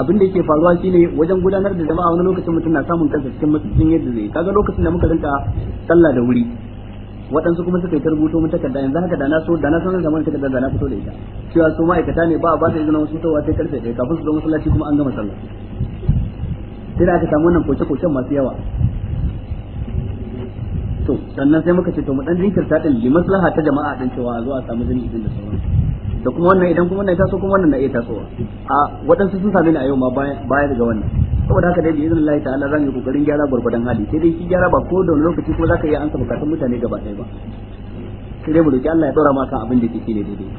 abin da yake faruwa shine wajen gudanar da jama'a wani lokacin mutum na samun kansa cikin matsayin yadda zai kaga lokacin da muka rinka sallah da wuri waɗansu kuma suka yi tarbuto mun takarda yanzu haka da na so da na san zaman takarda da na fito da ita cewa su ma'aikata ne ba a ba su izinin wasu fitowa sai karfe ɗaya kafin su zo masallaci kuma an gama sallah sai da aka samu wannan koce-koce masu yawa to sannan sai muka ce to mu dan jinkirta din li maslaha ta jama'a din cewa zuwa samu jini din da sauran, da kuma wannan idan kuma wannan taso kuma wannan na iya tasowa a waɗansu sun same ni a yau ma baya daga wannan saboda haka dai izinin Allah ta'ala zan yi kokarin gyara gurgurdan hali sai dai shi gyara ba ko da wani lokaci ko zaka iya ansa bukatun mutane gaba ɗaya ba sai dai mu roki Allah ya dora maka abin da kike ne daidai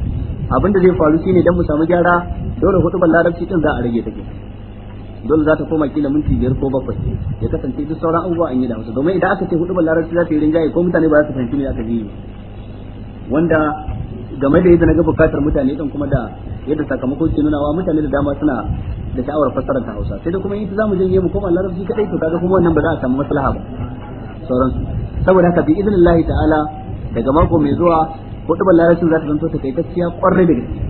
abin da zai faru shine dan mu samu gyara dole hutuban larabci din za a rage take dole za ta koma kila minti biyar ko bakwai ya kasance duk sauran abubuwa an yi da hausa domin idan aka ce hudu larabci za ta yi rinjaye ko mutane ba za su fahimci me aka yi wanda game da yadda na ga bukatar mutane idan kuma da yadda sakamako ke nunawa mutane da dama suna da sha'awar fassarar ta hausa sai da kuma in za mu janye mu koma larabci kadai to kaga kuma wannan ba za a samu maslaha ba sauransu saboda haka bi idnillahi ta'ala daga mako mai zuwa hudubar larabcin za ta zanto ta kai gaskiya kwarai da gaske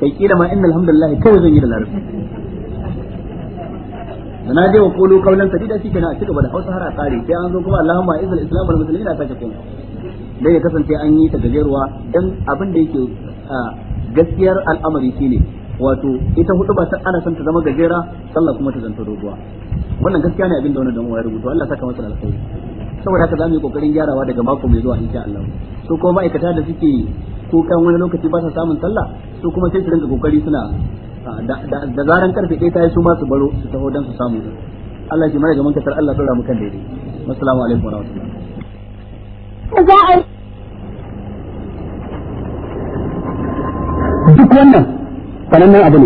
kai kila ma inna alhamdulillah kai zan yi da larabci da na je wa kolo kaulan da shi na a cigaba da hausa har a tsari sai an zo kuma Allahumma izal islam wal muslimin a sake dai ya kasance an yi ta gajeruwa dan abin da yake gaskiyar al'amari shine wato ita hudu ba ta ana son ta zama gajera sallah kuma ta zanto doguwa wannan gaskiya ne abin da wannan dan uwa ya rubuta Allah saka masa alkhairi saboda haka zamu yi kokarin gyarawa daga mako mai zuwa insha Allah su kuma ma'aikata da suke kukan wani lokaci ba sa samun sallah su kuma sai su rinka kokari suna da zaran karfe ɗaya ta yi su ma su baro su taho don su samu Allah shi mara gaban kasar Allah sun ramu kan daidai assalamu alaikum wa rahmatullahi duk wannan sanannen abu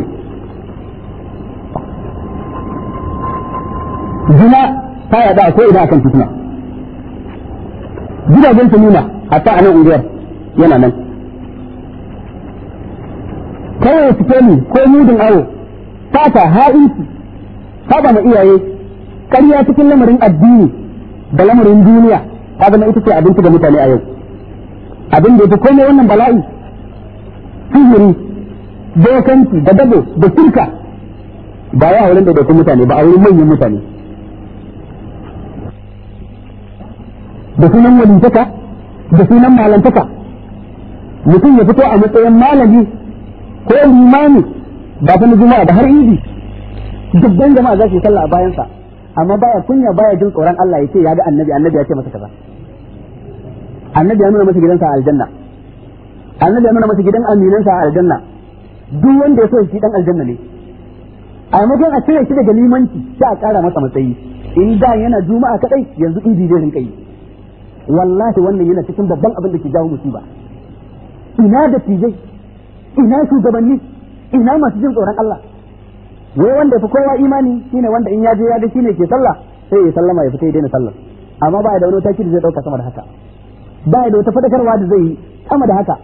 ne zina ta yada ko ina akan fitina gidajen ta nuna hatta a nan unguwar yana nan kawai ya fito ni ko mudin awo fata ha'inci saba na iyaye karya cikin lamarin addini da lamarin duniya ta zama ita ce abinci da mutane a yau abin da ya fi komai wannan bala'i sihiri dokanci da dabo da shirka ba ya wurin da dokun mutane ba a wurin manyan mutane da sunan walintaka da sunan malantaka mutum ya fito a matsayin malami ko limami ba ta juma'a da har idi dubban jama'a za su yi sallah a bayansa amma baya kunya baya jin tsoron Allah ya ce ya ga annabi annabi ya ce masa kaza annabi ya nuna masa gidansa a aljanna annabi ya nuna masa gidan aminansa a aljanna duk wanda ya so shi dan aljanna ne a mutum a cire shi daga limanci sai a kara masa matsayi in da yana juma'a kadai yanzu idi zai rinka yi wallahi wannan yana cikin babban abin da ke jawo musiba ina da tijai ina shugabanni ina masu jin tsoron Allah wai wanda fi kowa imani shine wanda in ya je ya ga shine ke sallah sai ya sallama ya fita ya daina sallah amma ba ya da wani taki da zai dauka sama da haka ba ya da wata fadakarwa da zai yi sama da haka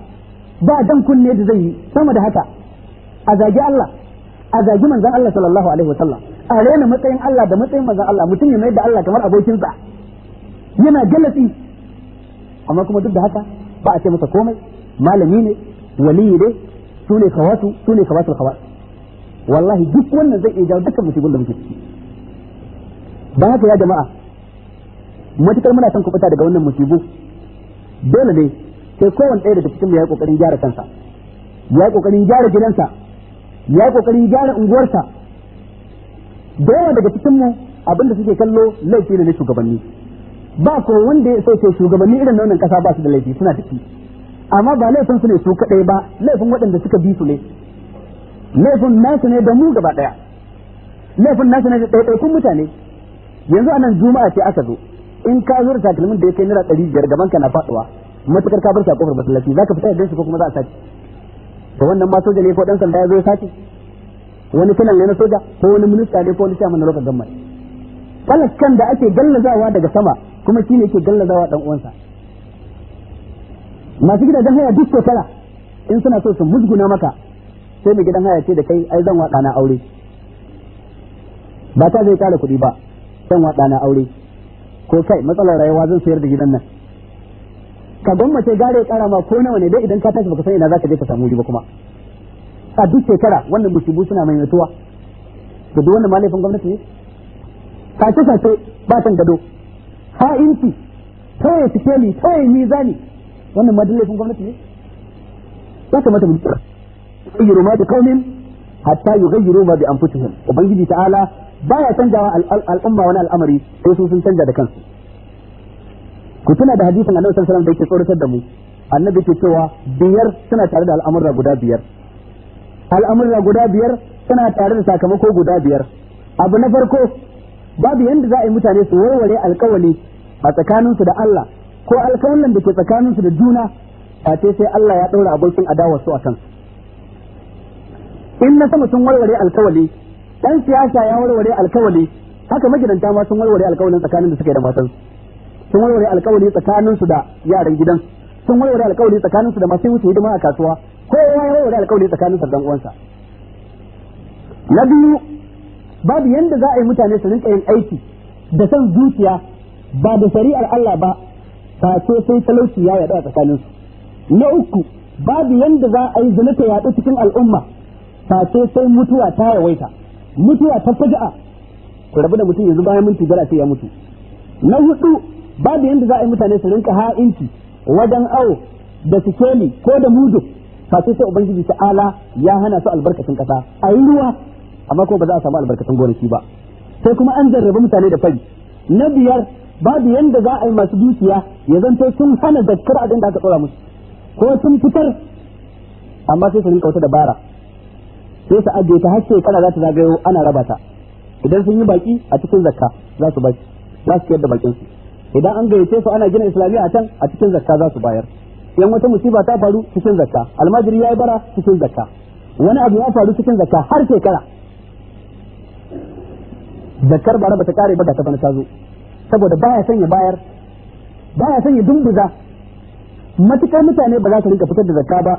ba dan kunne da zai yi sama da haka a zagi Allah a zagi manzon Allah sallallahu alaihi wasallam a rena matsayin Allah da matsayin manzon Allah mutum ya mai da Allah kamar abokin sa yana galasi amma kuma duk da haka ba a ce masa komai malami ne waliyi ne sune khawasu sune khawasul khawas wallahi duk wannan zai iya jawo dukkan musibin da muke ciki ba haka ya jama'a matukar muna son kubuta daga wannan musibu dole ne sai kowanne ɗaya daga cikin mu yi kokarin gyara kansa ya yi kokarin gyara gidansa yi kokarin gyara unguwarsa da yawa daga cikin mu abinda suke kallo laifi ne na shugabanni ba ko wanda ya sauke shugabanni irin nan kasa ba su da laifi suna da shi amma ba laifin su ne su kaɗai ba laifin waɗanda suka bi su ne laifin nasu ne da mu gaba ɗaya. laifin nasu ne da ɗaiɗaikun mutane yanzu a nan juma'a ce aka zo in ka zo da takalmin da ya kai naira ɗari biyar gaban ka na faɗuwa matukar ka bar shi a Za masallaci fi fita da shi ko kuma za a sace Da wannan ma soja ne ko dan sanda ya zo ya sace wani kanan ne na soja ko wani minista ne ko wani shaman na lokacin gammai. kalas kan da ake gallazawa daga sama kuma ne ke gallazawa ɗan uwansa masu gidajen haya duk shekara in suna so su musguna maka sai mai gidan haya ce da kai ai zan waɗa na aure ba ta zai kara kuɗi ba zan waɗa na aure ko kai matsalar rayuwa zan sayar da gidan nan ka gwammace gare kara ma ko nawa ne dai idan ka tashi baka san ina zaka je ka samu riba kuma a duk shekara wannan musibu suna mai mutuwa da duk wannan malafin gwamnati ne kace kace ba tan gado ha'inci kawai sikeli yi mizani wannan ma sun gwamnati ne ya kamata mu tsira ma bi hatta yughayyiru ma bi anfusihim ubangiji ta'ala baya canjawa al'umma wani al'amari sai su sun canja da kansu ku tuna da hadisin annabi sallallahu alaihi wasallam da yake tsoratar da mu annabi ke cewa biyar suna tare da al'amurra guda biyar al'amurra guda biyar suna tare da sakamako guda biyar abu na farko babu yanda za a yi mutane su warware alkawali a tsakaninsu da Allah ko alƙawarin da ke tsakaninsu da juna a ce sai Allah ya ɗaura abokin adawar su a su. in na sama sun warware alkawali ɗan siyasa ya warware alkawali haka magidanta ma sun warware alkawalin tsakanin da suka yi da matansu sun warware alkawali tsakaninsu da yaran gidan sun warware alkawali tsakaninsu da masu wuce hidima a kasuwa ko ya warware alkawali tsakanin sa uwansa na biyu babu yadda za a yi mutane su rinƙa yin aiki da san zuciya ba da shari'ar Allah ba Sace sai talauci ya yaɗu a tsakanin su na uku babu yanda za a yi zina ta yaɗu cikin al'umma sace sai mutuwa ta yawaita mutuwa ta faja'a ku rabu da mutum yanzu bayan minti gara sai ya mutu na hudu babu yanda za a yi mutane su rinka ha'inci wajen awo da sikeli ko da mudu Sace sai ubangiji ta'ala ya hana su albarkacin kasa a yi ruwa amma kuma ba za a samu albarkacin gonaki ba sai kuma an jarraba mutane da fari na biyar babu yanda za a yi masu dukiya ya zanto sun hana zakkar abin da aka tsora musu ko sun fitar amma sai su rinka wata dabara sai su ajiye ta hakke kana za ta zagayo ana raba ta idan sun yi baki a cikin zakka za su baki za su da bakin su idan an gayyace su ana gina islamiyya a can a cikin zakka za su bayar yan wata musiba ta faru cikin zakka almajiri ya yi bara cikin zakka wani abu ya faru cikin zakka har shekara zakkar bara ba ta kare ba ta bana ta zo saboda baya son ya bayar baya son ya dumbuza matukar mutane ba za su rinka fitar da zakka ba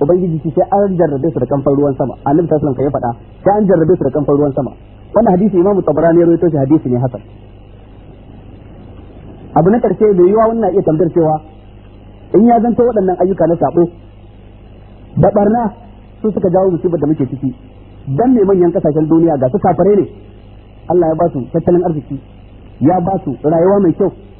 ubangiji shi sai an jarrabe su da kamfan ruwan sama annabi sallallahu alaihi wasallam ya faɗa sai an jarrabe su da kamfan ruwan sama wannan hadisi imamu tabarani ya rawaito shi hadisi ne hasan abu na karshe da yiwa wannan iya tambayar cewa in ya zanto waɗannan ayyuka na sabo da barna su suka jawo musibar da muke ciki dan ne manyan kasashen duniya ga su kafare ne Allah ya ba su tattalin arziki ya ba su rayuwa mai kyau